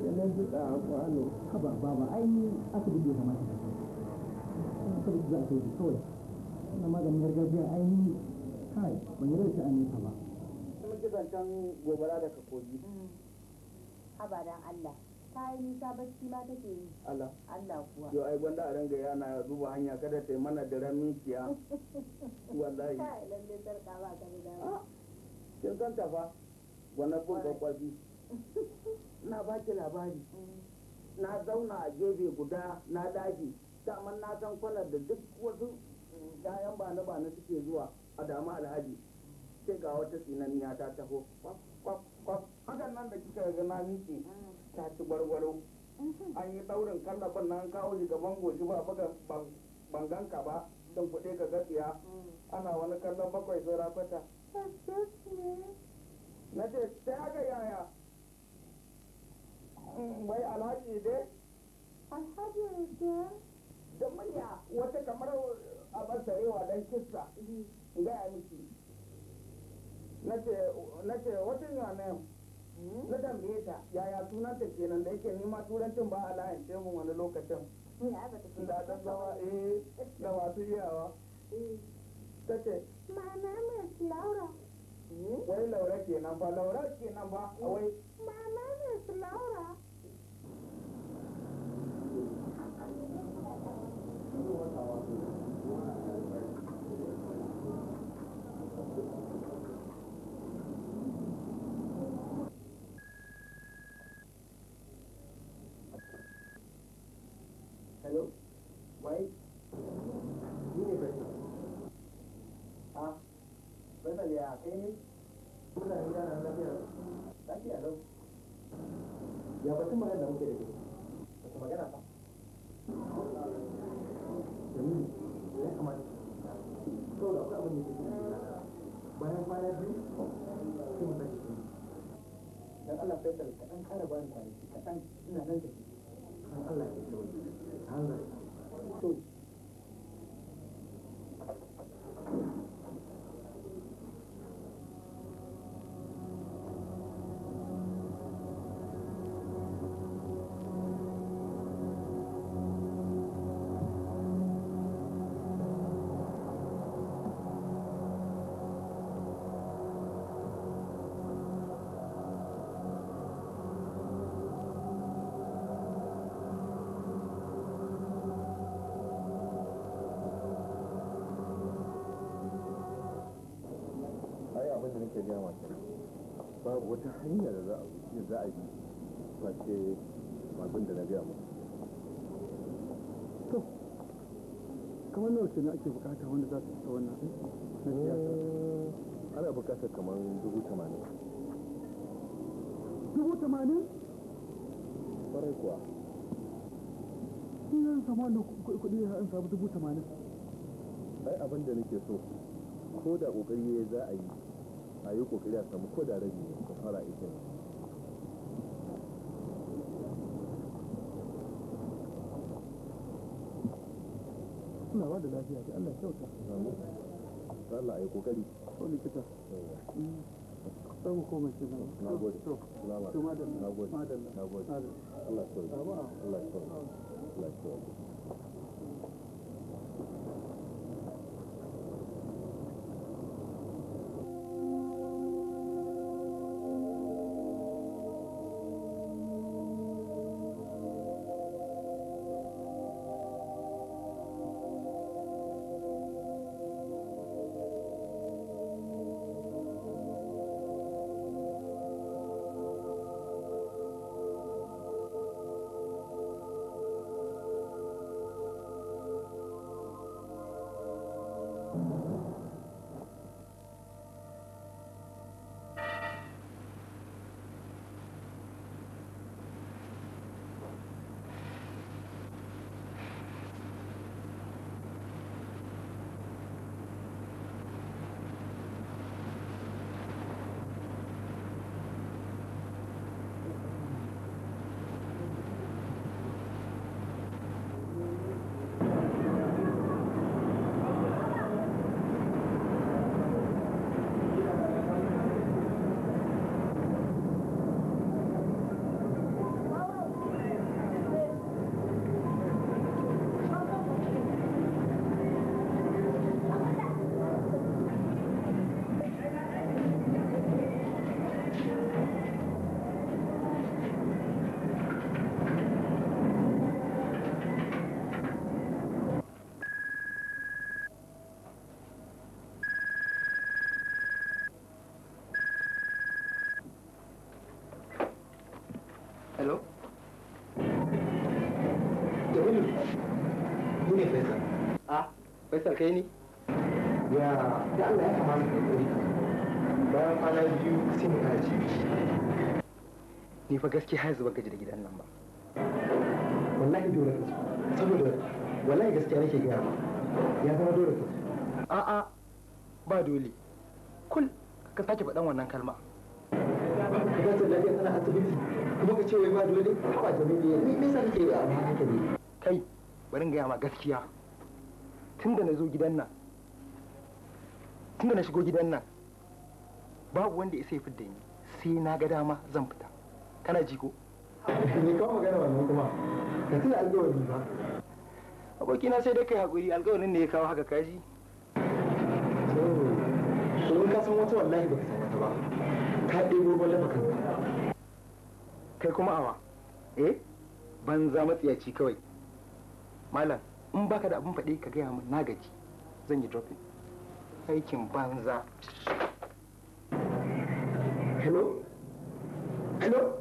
da na ji da kwano haba baba ai asibiti ya kamata ka asibiti za a kai kawai wannan maganin gargajiya ai kai ban yi rauta yi nesa ba mun ji zancen gobara da kakoji haba dan Allah ta yi nisa bacci ma take yi Allah Allah kuwa yau ai gwanda a ranga yana duba hanya kada ta yi mana da ramikiya wallahi kai lalle sarka ba ka da kin san ta fa wannan bun kwakwafi na baki labari na zauna a gefe guda na daji daman na san kwanar da duk wasu yayan bana na suke zuwa a dama alhaji sai ga wata tsinaniya ta taho hakan nan da kika ga na miƙe ta ci gwargwaro an yi ɗaurin kallafin nan kawo shi gaban goshi ba buga banganka ba don kuɗe ga gatsiya ana wani kallon bakwai sai rafata na ce sai aka yaya mai mm, alhaji dai? Alhaji dai? Da murya wata kamar a basarewa dan kissa. Mm-hmm. ya miki. Na ce wata yana ne Na tambaye ta yaya sunanta kenan da yake nima turancin ba a layance mu wani lokacin. Da dan zama eh da masu yawa. Eh. Ta ce. Mama mai Laura. wai laura kenan ba laura kenan ba wai ne su Thank you. muke da shi magana fa ya kamata da da kara ina abin ta gama kenan babu wata hanyar da za a wuce za a yi face babin da na gaya muku to kamar nawa kenan ake bukata wanda za su ta wannan na siyasa eh, ana bukata kamar dubu tamanin dubu tamanin farai kuwa ina sama da kudi ya an sabu dubu tamanin ai abinda nake so ko da kokari za a yi a yi kokari a samu ko da rabi ka fara aikin suna ba da lafiya ta Allah kyauta Allah a yi kokari ko likita sau mm. ko mace na na gode na gode na gode Allah Allah Allah faisal kai ne ya da Allah ya kamata ka kuri bayan kwana biyu sai mu kana jibi ni fa gaskiya yanzu ban gaji da gidan nan ba wallahi dole ka saboda wallahi gaskiya nake gaya ma ya zama dole ka a'a ba dole kul ka sake faɗan wannan kalma ka ga lafiya tana asibiti kuma ka ce wai ba dole ba jami'i ne me yasa kake yi a hankali kai bari in gaya ma gaskiya tun da na zo gidan nan tun da na shigo gidan nan babu wanda ya sai da ni sai na ga dama zan fita kana ji ko ni ka magana wannan kuma ka tuna alƙawari ba abokina sai dai kai hakuri alƙawarin ne ya kawo haka kaji so ka san wata wallahi baka san wata ba ka ɗebo gwalla baka kai kuma awa eh ban za matsiyaci kawai malam in baka da abin faɗe ka gaya min na gaji zan yi dropping aikin banza hello hello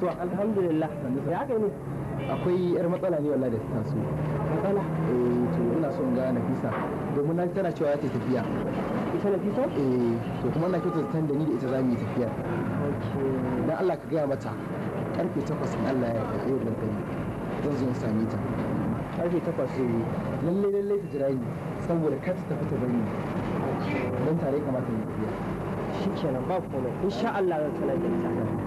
kasuwa alhamdulillah ya haka ne akwai yar matsala ne wallahi da ta taso matsala eh to ina son ga Nafisa domin na tana cewa ta tafiya ita Nafisa eh to kuma na kito tan da ni da ita za mu yi tafiya dan Allah ka gaya mata karfe 8 in Allah ya yi wannan kai zan zo in sami ta karfe 8 eh, lalle lalle ta jira ni saboda kar ta tafi ta ni dan tare kamata ni tafiya shikenan ba komai insha Allah zan sanar da ita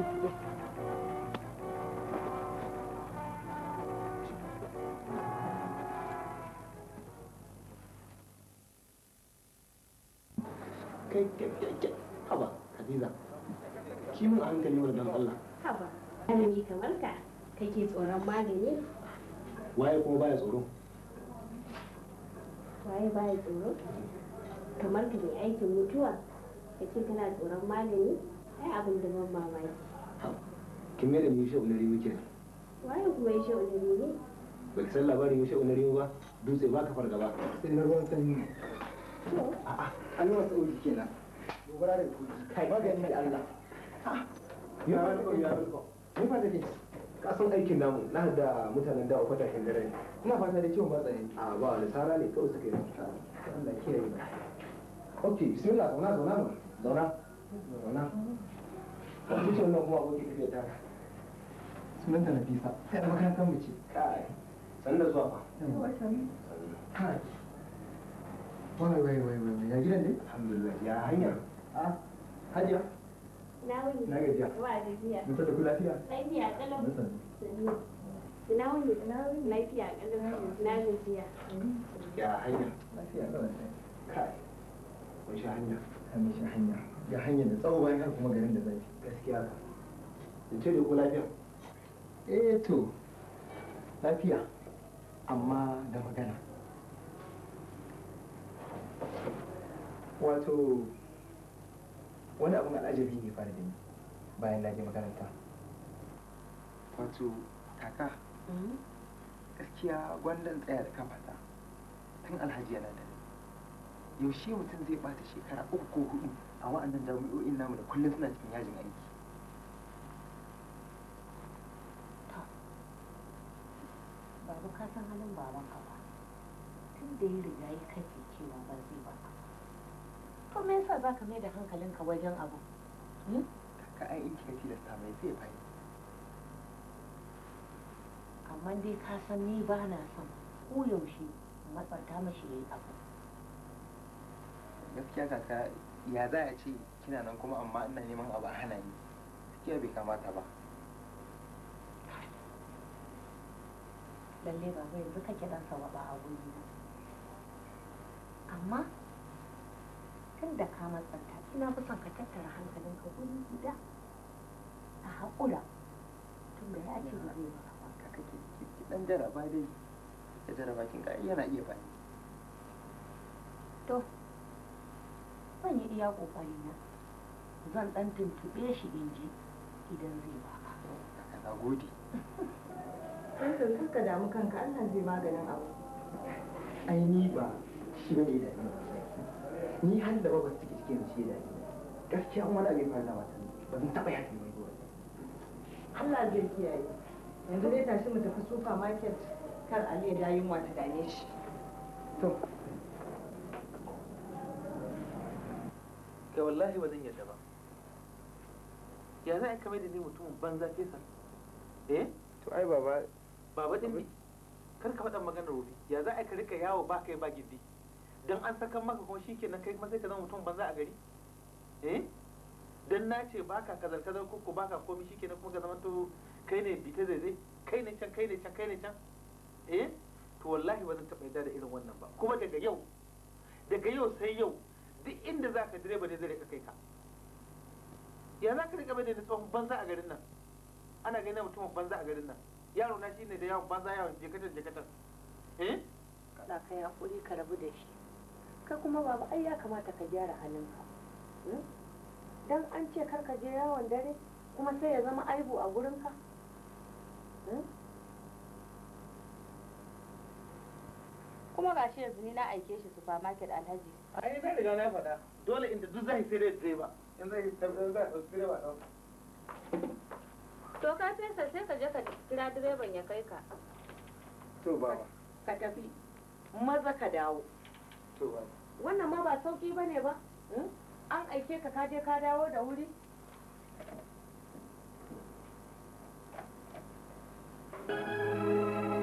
kai kai haba hadiza ki mun hankali Allah haba malami kamar ka kake tsoron magani waye kuma baya tsoro waye baya tsoro kamar ka mai aikin mutuwa kake kana tsoron magani ai abin da ban mamaki kin mai da mu yushe unariyu kenan waye kuwa yushe unariyu ba ki san labarin mu yushe unariyu ba dutse ba ka fargaba sai na ruwan sanyi a'a an yi wasu oji kenan dogara da kuɗi kai maganin Allah ah, ya welcome ya welcome ni ba take kasan aikin namu na da mutanen da uku tashin dare ina fata da kyau ba tsaye a ba wani sara ne kawai suka yi Allah kiyaye ba ok bismillah zauna zauna zauna zauna wasu ce wannan kuma abokin tafiya ta sunan da Nafisa ta da makarantar mu ce kai san da zuwa fa wai wai wai wai ya gidan ne alhamdulillah ya hanya a hajiya na wuni na gajiya wa jiya? mun tada ku lafiya lafiya kalau ina wuni ina wuni lafiya kalau na gajiya ya hanya lafiya kalau kai mun sha hanya mun sha hanya ya hanya da tsawo bayan har kuma garin da zafi gaskiya ka in ce da ku lafiya eh to lafiya amma da magana wato wani abin al'ajabi ne fara da ni bayan na je makaranta wato kaka mm-hmm. gaskiya gwandan tsaya da kamata tun alhaji yana da yaushe mutum zai bata shekara uku ko hudu a wa'annan jami'o'in namu da kullum suna cikin yajin aiki babu ka san halin baban ka ba tun da ya riga ya kake cewa ba zai ba to me yasa ka mai da hankalinka wajen abu hmm? ka ai in kika tilasta mai zai bai amma dai ka san ni ba na son ko yaushe matsanta mashi yi abu gaskiya kaka ya za a ce kina nan kuma amma ina neman abu a hana ni gaskiya bai kamata ba lalle ba zai yanzu kake dan ba a guri ba, amma tun da ka matsanta ina fi son ka tattara hankalin ka guri guda a haƙura tun da ya ce ba zai ba ka kake dan jaraba dai da jaraba kin ga yana iya bani to zan yi iya kokari na zan dan tuntube shi in ji idan zai ba ka gode ka damu kanka Allah zai maganin abu ai ni ba shi ne da ni ni har da babar suke cikin ne shi da ni gaskiya wani abu ya faru da matan ba zan taba yafi mai ba Allah zai kiyaye yanzu zai tashi mu tafi super market kar Ali ya dawo yunwa ta dame shi to kai wallahi ba zan yarda ba ya za a kamar da ni mutumin banza fesa eh to ai baba baba dindi kar ka faɗa maganar wuri ya za a ka rika yawo ba kai ba gindi dan an saka maka kuma shikenan kai kuma sai ka zama mutum banza a gari eh dan na ce baka kazar kazar ko ko baka komai shikenan kuma ka zama to kai ne ta zai zai kai ne can kai ne can kai ne can eh to wallahi ba zan taɓa yarda da irin wannan ba kuma daga yau daga yau sai yau duk inda za ka direba ne zai rika kai ka ya za ka rika bai da tsohon banza a garin nan ana ganin mutumin banza a garin nan yaro na shine da yawon banza yawon jikatan jikatan eh kada ka yi hakuri ka rabu da shi ka kuma babu ai ya kamata ka gyara halin ka hmm? dan an ce kar ka je yawon dare kuma sai ya zama aibu a gurin ka hmm? kuma ga shi yanzu ni na aike shi supermarket alhaji ai na riga na faɗa dole inda duk zai sai dai ba in zai tafi ba ɗauki to ka fesa sai ka je ka kira direban ya kai ka to baba ka tafi maza ka dawo to baba wannan ma ba sauki bane ba hmm? an aike ka ka je ka dawo da wuri Thank you.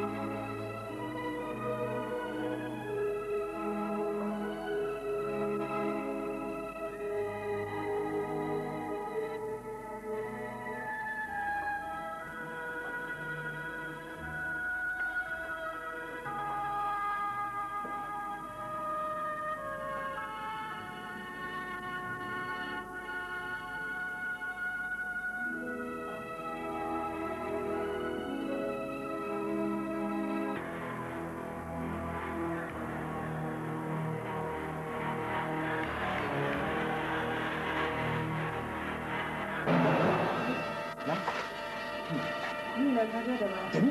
Smart.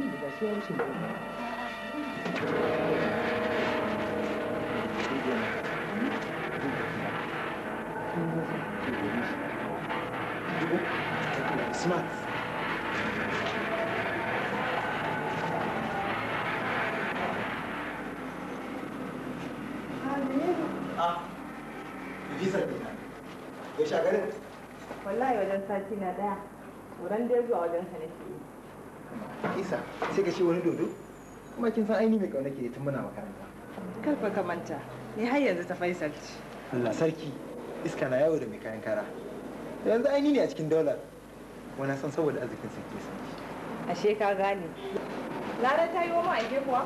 Ah, visa kenan. Ya shagarin? Wallahi wajen sati na daya. Wurin da zuwa wajen ka isa sai ka ce wani dodo kuma kin san aini mai kauna ke tun muna makaranta karfa ka manta ni har yanzu ta faisal ce Allah sarki iska na yawo da mai kayan kara yanzu aini ne a cikin daular wani san saboda arzikin sarki sarki ashe ka gane lara ta yi wa ma'aike kuwa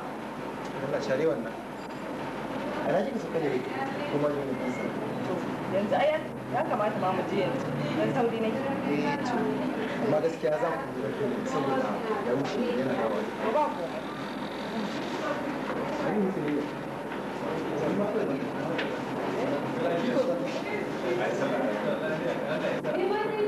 Allah share wannan a rajin su kare kuma yanzu ayan ya kamata ma mu je dan sauri ne amma gaskiya za ku lura da saboda ya wuce yana da wani ba ku Thank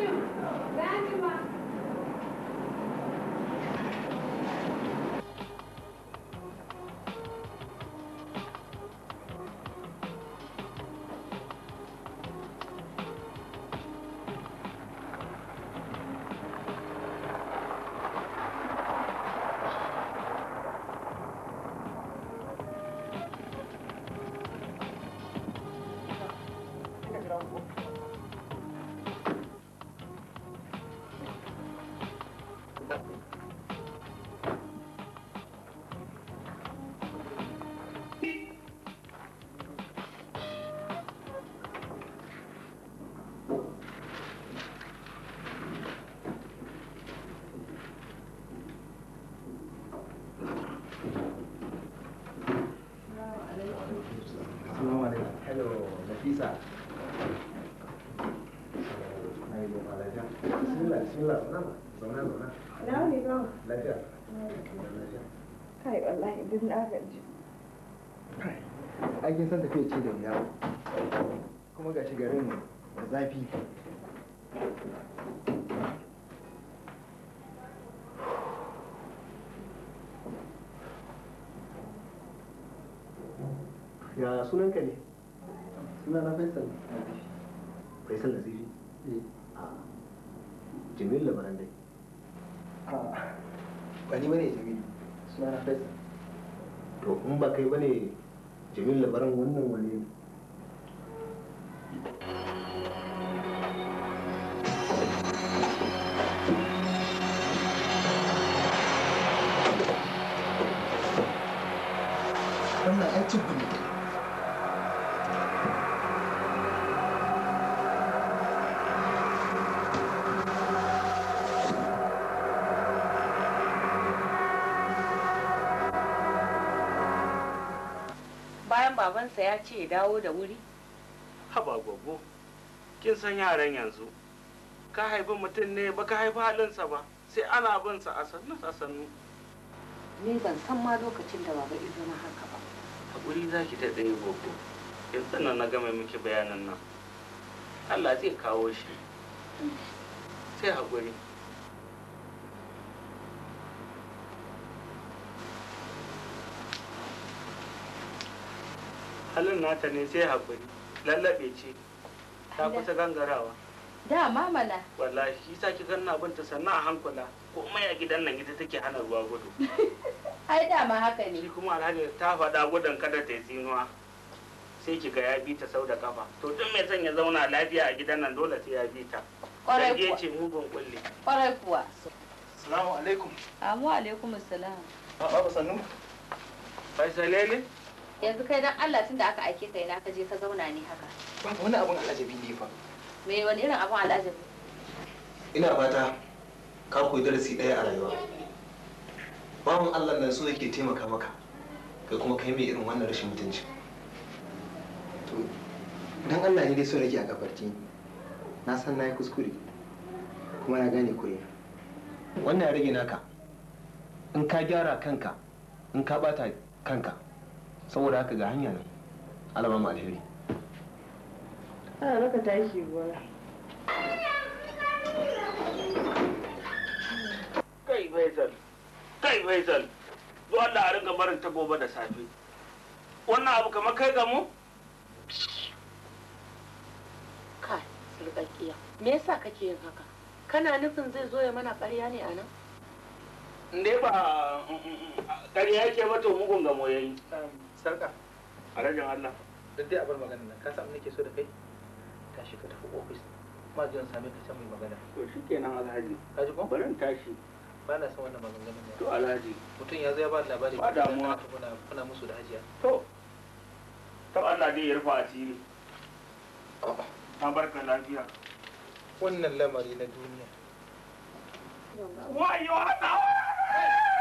duk na gaji san ce kuma ga shi garin ya sunanka ne suna na faisal faisal கோவிலில் வரவங்கன்னு babansa ya ce ya dawo da wuri haba gwaggo kin san yaran yanzu ka haifi mutum ne baka haifi halinsa ba sai ana bin sa a sannu a sannu ni ban san ma lokacin da baba izo na haka ba hakuri ki ta yi gogo yanzu nan na gama miki bayanan nan Allah zai kawo shi mm. sai hakuri halin nata ne sai haƙuri lallaɓe ce ta kusa gangarawa da mamala wallahi shi sa ki ganna abin ta sannan a hankula ko komai a gidan nan ita take hana ruwa gudu ai da ma haka ne shi kuma alhaji ta faɗa gudun kada ta yi zinuwa sai ki ga ya bi ta sau da kafa to duk mai son ya zauna lafiya a gidan nan dole sai ya bi ta kwarai kuwa ce mugun kulli kwarai kuwa assalamu alaikum amu alaikum assalam ba ba sannun faisale ne yanzu kai dan Allah tunda aka aike kai na ka je ka zauna ne haka babu wani abun alajabi ne fa me wani irin abun alajabi ina fata ka koyi darasi ɗaya a rayuwa bawan Allah nan so yake taimaka maka kai kuma kai mai irin wannan rashin mutunci to dan Allah ne dai so rage a gabarci na san na yi kuskure kuma na gane kure wannan ya rage naka in ka gyara kanka in ka bata kanka saboda haka ga hanya nan alama mu alheri ana maka tashi gona kai faisal kai faisal zuwa da a ringa barin ta gobe da safe wannan abu kamar kai ga mu kai sulƙaƙiya me yasa kake yin haka kana nufin zai zo ya mana ƙarya ne a nan ne ba mm, mm, mm, ƙarya yake ba to mugun gamo ya yi. sarka rajin allah duk dai a bar magana nan ka samu nake so da kai tashi ka tafi ofis ma jiran same ka can mai magana to shikenan alhaji ka ji ko bari in tashi ba na san wannan maganganun ne to alhaji mutum ya zai ba labari ba damuwa kuna musu da hajiya to to Allah dai ya rufa cikin ta barka lafiya wannan lamari na duniya wayo hada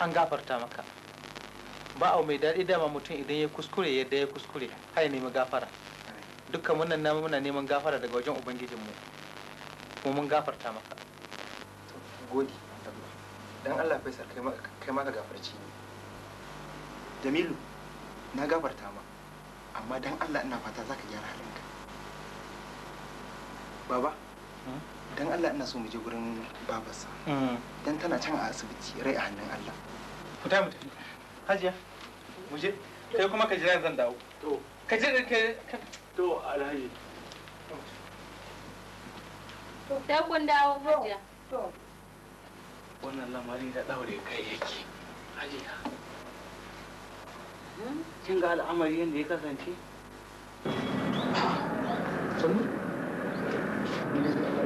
an gafarta maka ba abu mai daɗi dama mutum idan ya kuskure yadda ya kuskure har ya nemi gafara dukkan wannan namu muna neman gafara daga wajen ubangijinmu kuma mun gafarta maka gode dan Allah faisal kai ma ka gafarci ne Jamilu na gafarta ma amma dan Allah ina fata zaka gyara halinka Baba dan Allah ina so mu je gurin babarsa hmm. dan tana can a asibiti rai a hannun Allah ku mu tafi hajiya mu je kai kuma ka jira zan dawo to ka je ka to alhaji to ta kun dawo hajiya to wannan lamari da daure kai yake hajiya hmm? kin ga al'amari yadda ya kasance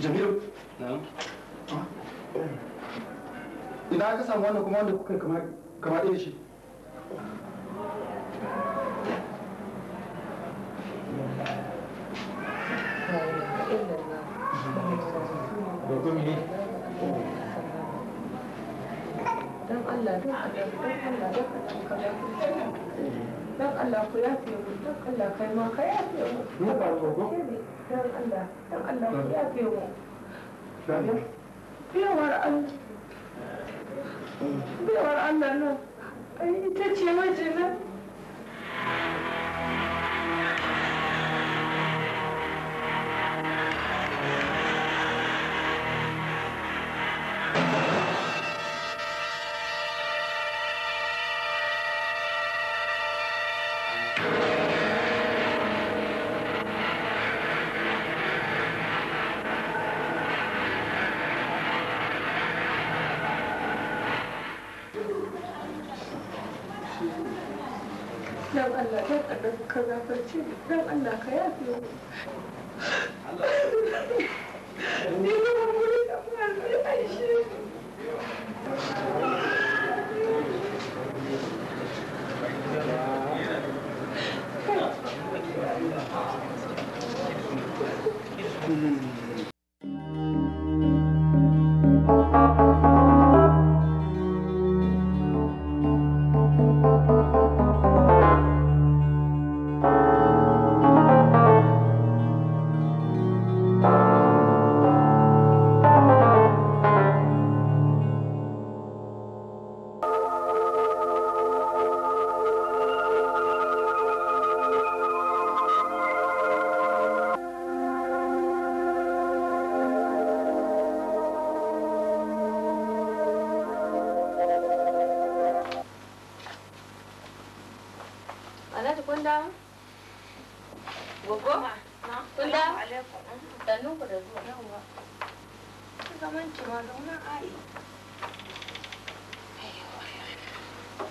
jamilu idan aka samu wannan kuma wanda kuka kama ɗaya shi don Allah dan Allah ku yafe mu dan Allah kai ma ka yafe mu mu ba mu ko dan Allah dan Allah ku yafe mu biyawar Allah biyawar Allah nan ai ita ce majina ce don Allah ka yafe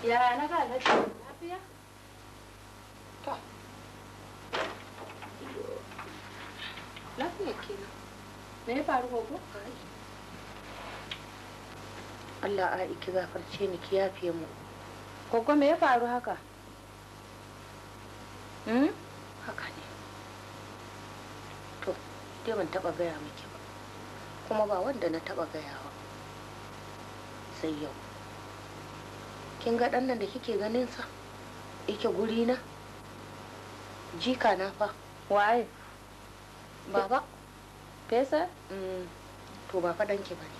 Yaya na ga alhaji lafiya? To. Lafiya kenan. Me ya faru gogo? Allah a iki zafarce ni ki yafe mu. Gogo me ya faru haka? Hmm? Haka ne. To, dai ban taba gaya miki ba. Kuma ba wanda na taba gayawa. Sai yau. kin ga ɗan nan da kike ganin sa yake guri na jika na fa waye baba fesa mm, to ba faɗan ki bane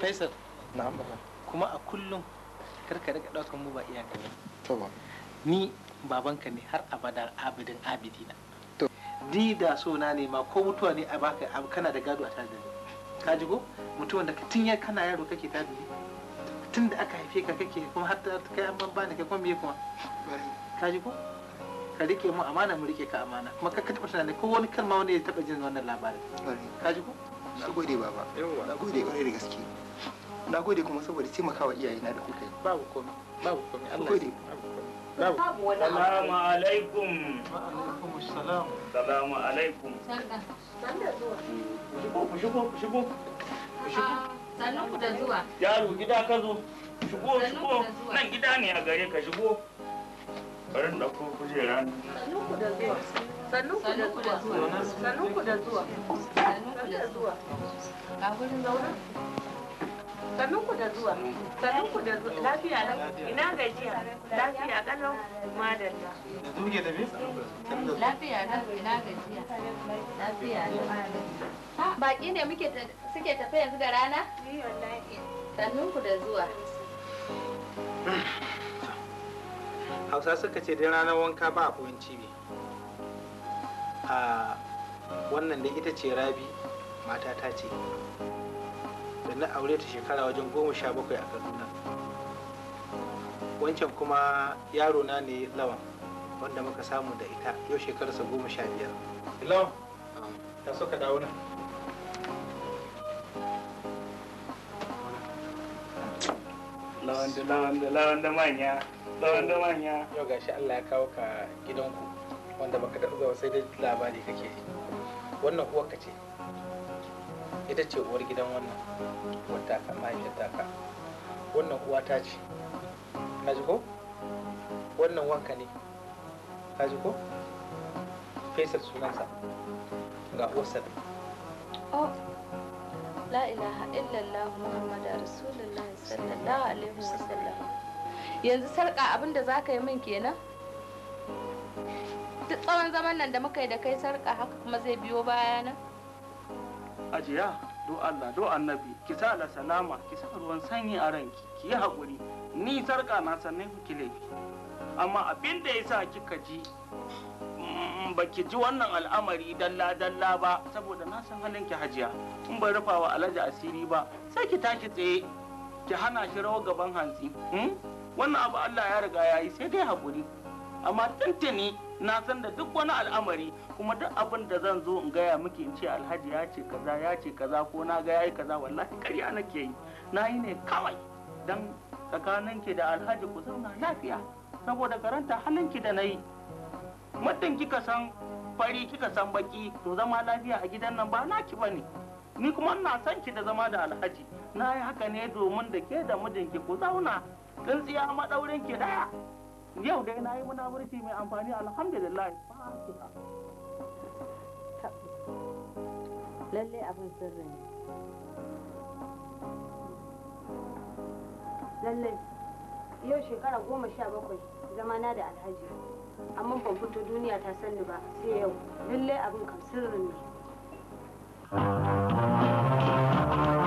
faisal na'am kuma a kullum karka daga daukan mu ba iyaka ne to ba ni babanka ne har abada abidin abidina to di da so na ne ma ko mutuwa ne a baka kana da gado a tare da ni ka ji ko mutuwan da tun ya kana yaro kake tare da tun da aka haife ka kake kuma har ta kai an ban bani kai kuma me kuma ka ji ko ka rike mu amana mu rike ka amana kuma ka ka taba tunanin ko wani kalma wani ya taba jin wannan labarin ka ji ko na gode baba na gode kwarai da gaske na gode kuma saboda taimakawa na da kuka yi babu komai babu komai Allah gode babu wani salamu alaikum alaikum salam salamu alaikum shigo ku shigo ku shigo ku shigo ah, sannu ku da zuwa yaro gida ka zo shigo shigo nan gida ne a gare ka shigo bari na ko kujera sannu ku da zuwa Sannunku da zuwa sannu da zuwa a wurin zauna sannu da zuwa sannu da zuwa lafiya na? ina gajiya lafiya kalau madalla yanzu muke tafi lafiya na? ina gajiya lafiya nan ah, baki ne muke suke tafe yanzu da rana wallahi. ku da zuwa hausa suka ce dai ranar wanka ba abinci ne a wannan da ita ce rabi mata ta ce da na aure ta shekara wajen goma sha bakwai a kaduna wancan kuma yaro na ne lawan wanda muka samu da ita yau shekararsa goma sha biyar lawan ta so ka dawo nan lawan da lawan da lawan da manya lawan da manya yau gashi Allah ya kawo ka gidanku wanda baka taɓa gaba sai dai labari kake yi wannan kuwa ka ce ita ce uwar gidan wannan wata ka mahaifiyar taka wannan uwa ta ce ka ji ko wannan wanka ne ka ji ko fesar sunansa ga uwarsa da oh, la ilaha illallah muhammad rasulullah sallallahu alaihi wasallam yanzu sarka abinda zaka yi min kenan duk tsawon zaman nan da muka yi da kai sarka haka kuma zai biyo baya nan ajiya do Allah do annabi ki sa ala salama ki saka ruwan sanyi a ranki ki yi hakuri ni sarka na sanne ki laifi amma abin da yasa kika ji mm, baki ji wannan al'amari dalla dalla ba saboda na san halin ki hajiya in bai rufa wa alhaji asiri ba sai ki tashi tsaye ki hana shi rawa gaban hantsi hmm? wannan abu Allah ya riga ya yi sai dai hakuri amma tuntuni na san da duk wani al'amari kuma duk abin da zan zo in gaya miki in ce alhaji ya ce kaza ya ce kaza ko na ga yayi kaza wallahi ƙarya nake yi na yi ne kawai dan tsakanin ki da alhaji ku zauna lafiya saboda karanta halin ki da nayi muddin kika san fari kika san baki to zama lafiya a gidan nan ba naki bane ni kuma ina son ki da zama da alhaji na yi haka ne domin da ke da mijinki ku zauna tsiya maɗaurin ki daya yau dai na yi munafurci mai amfani alhamdulillah lalle abin sirri ne lalle yau shekara goma sha bakwai zamana da alhaji amma ban fito duniya ta sani ba sai yau lalle abin kan sirri ne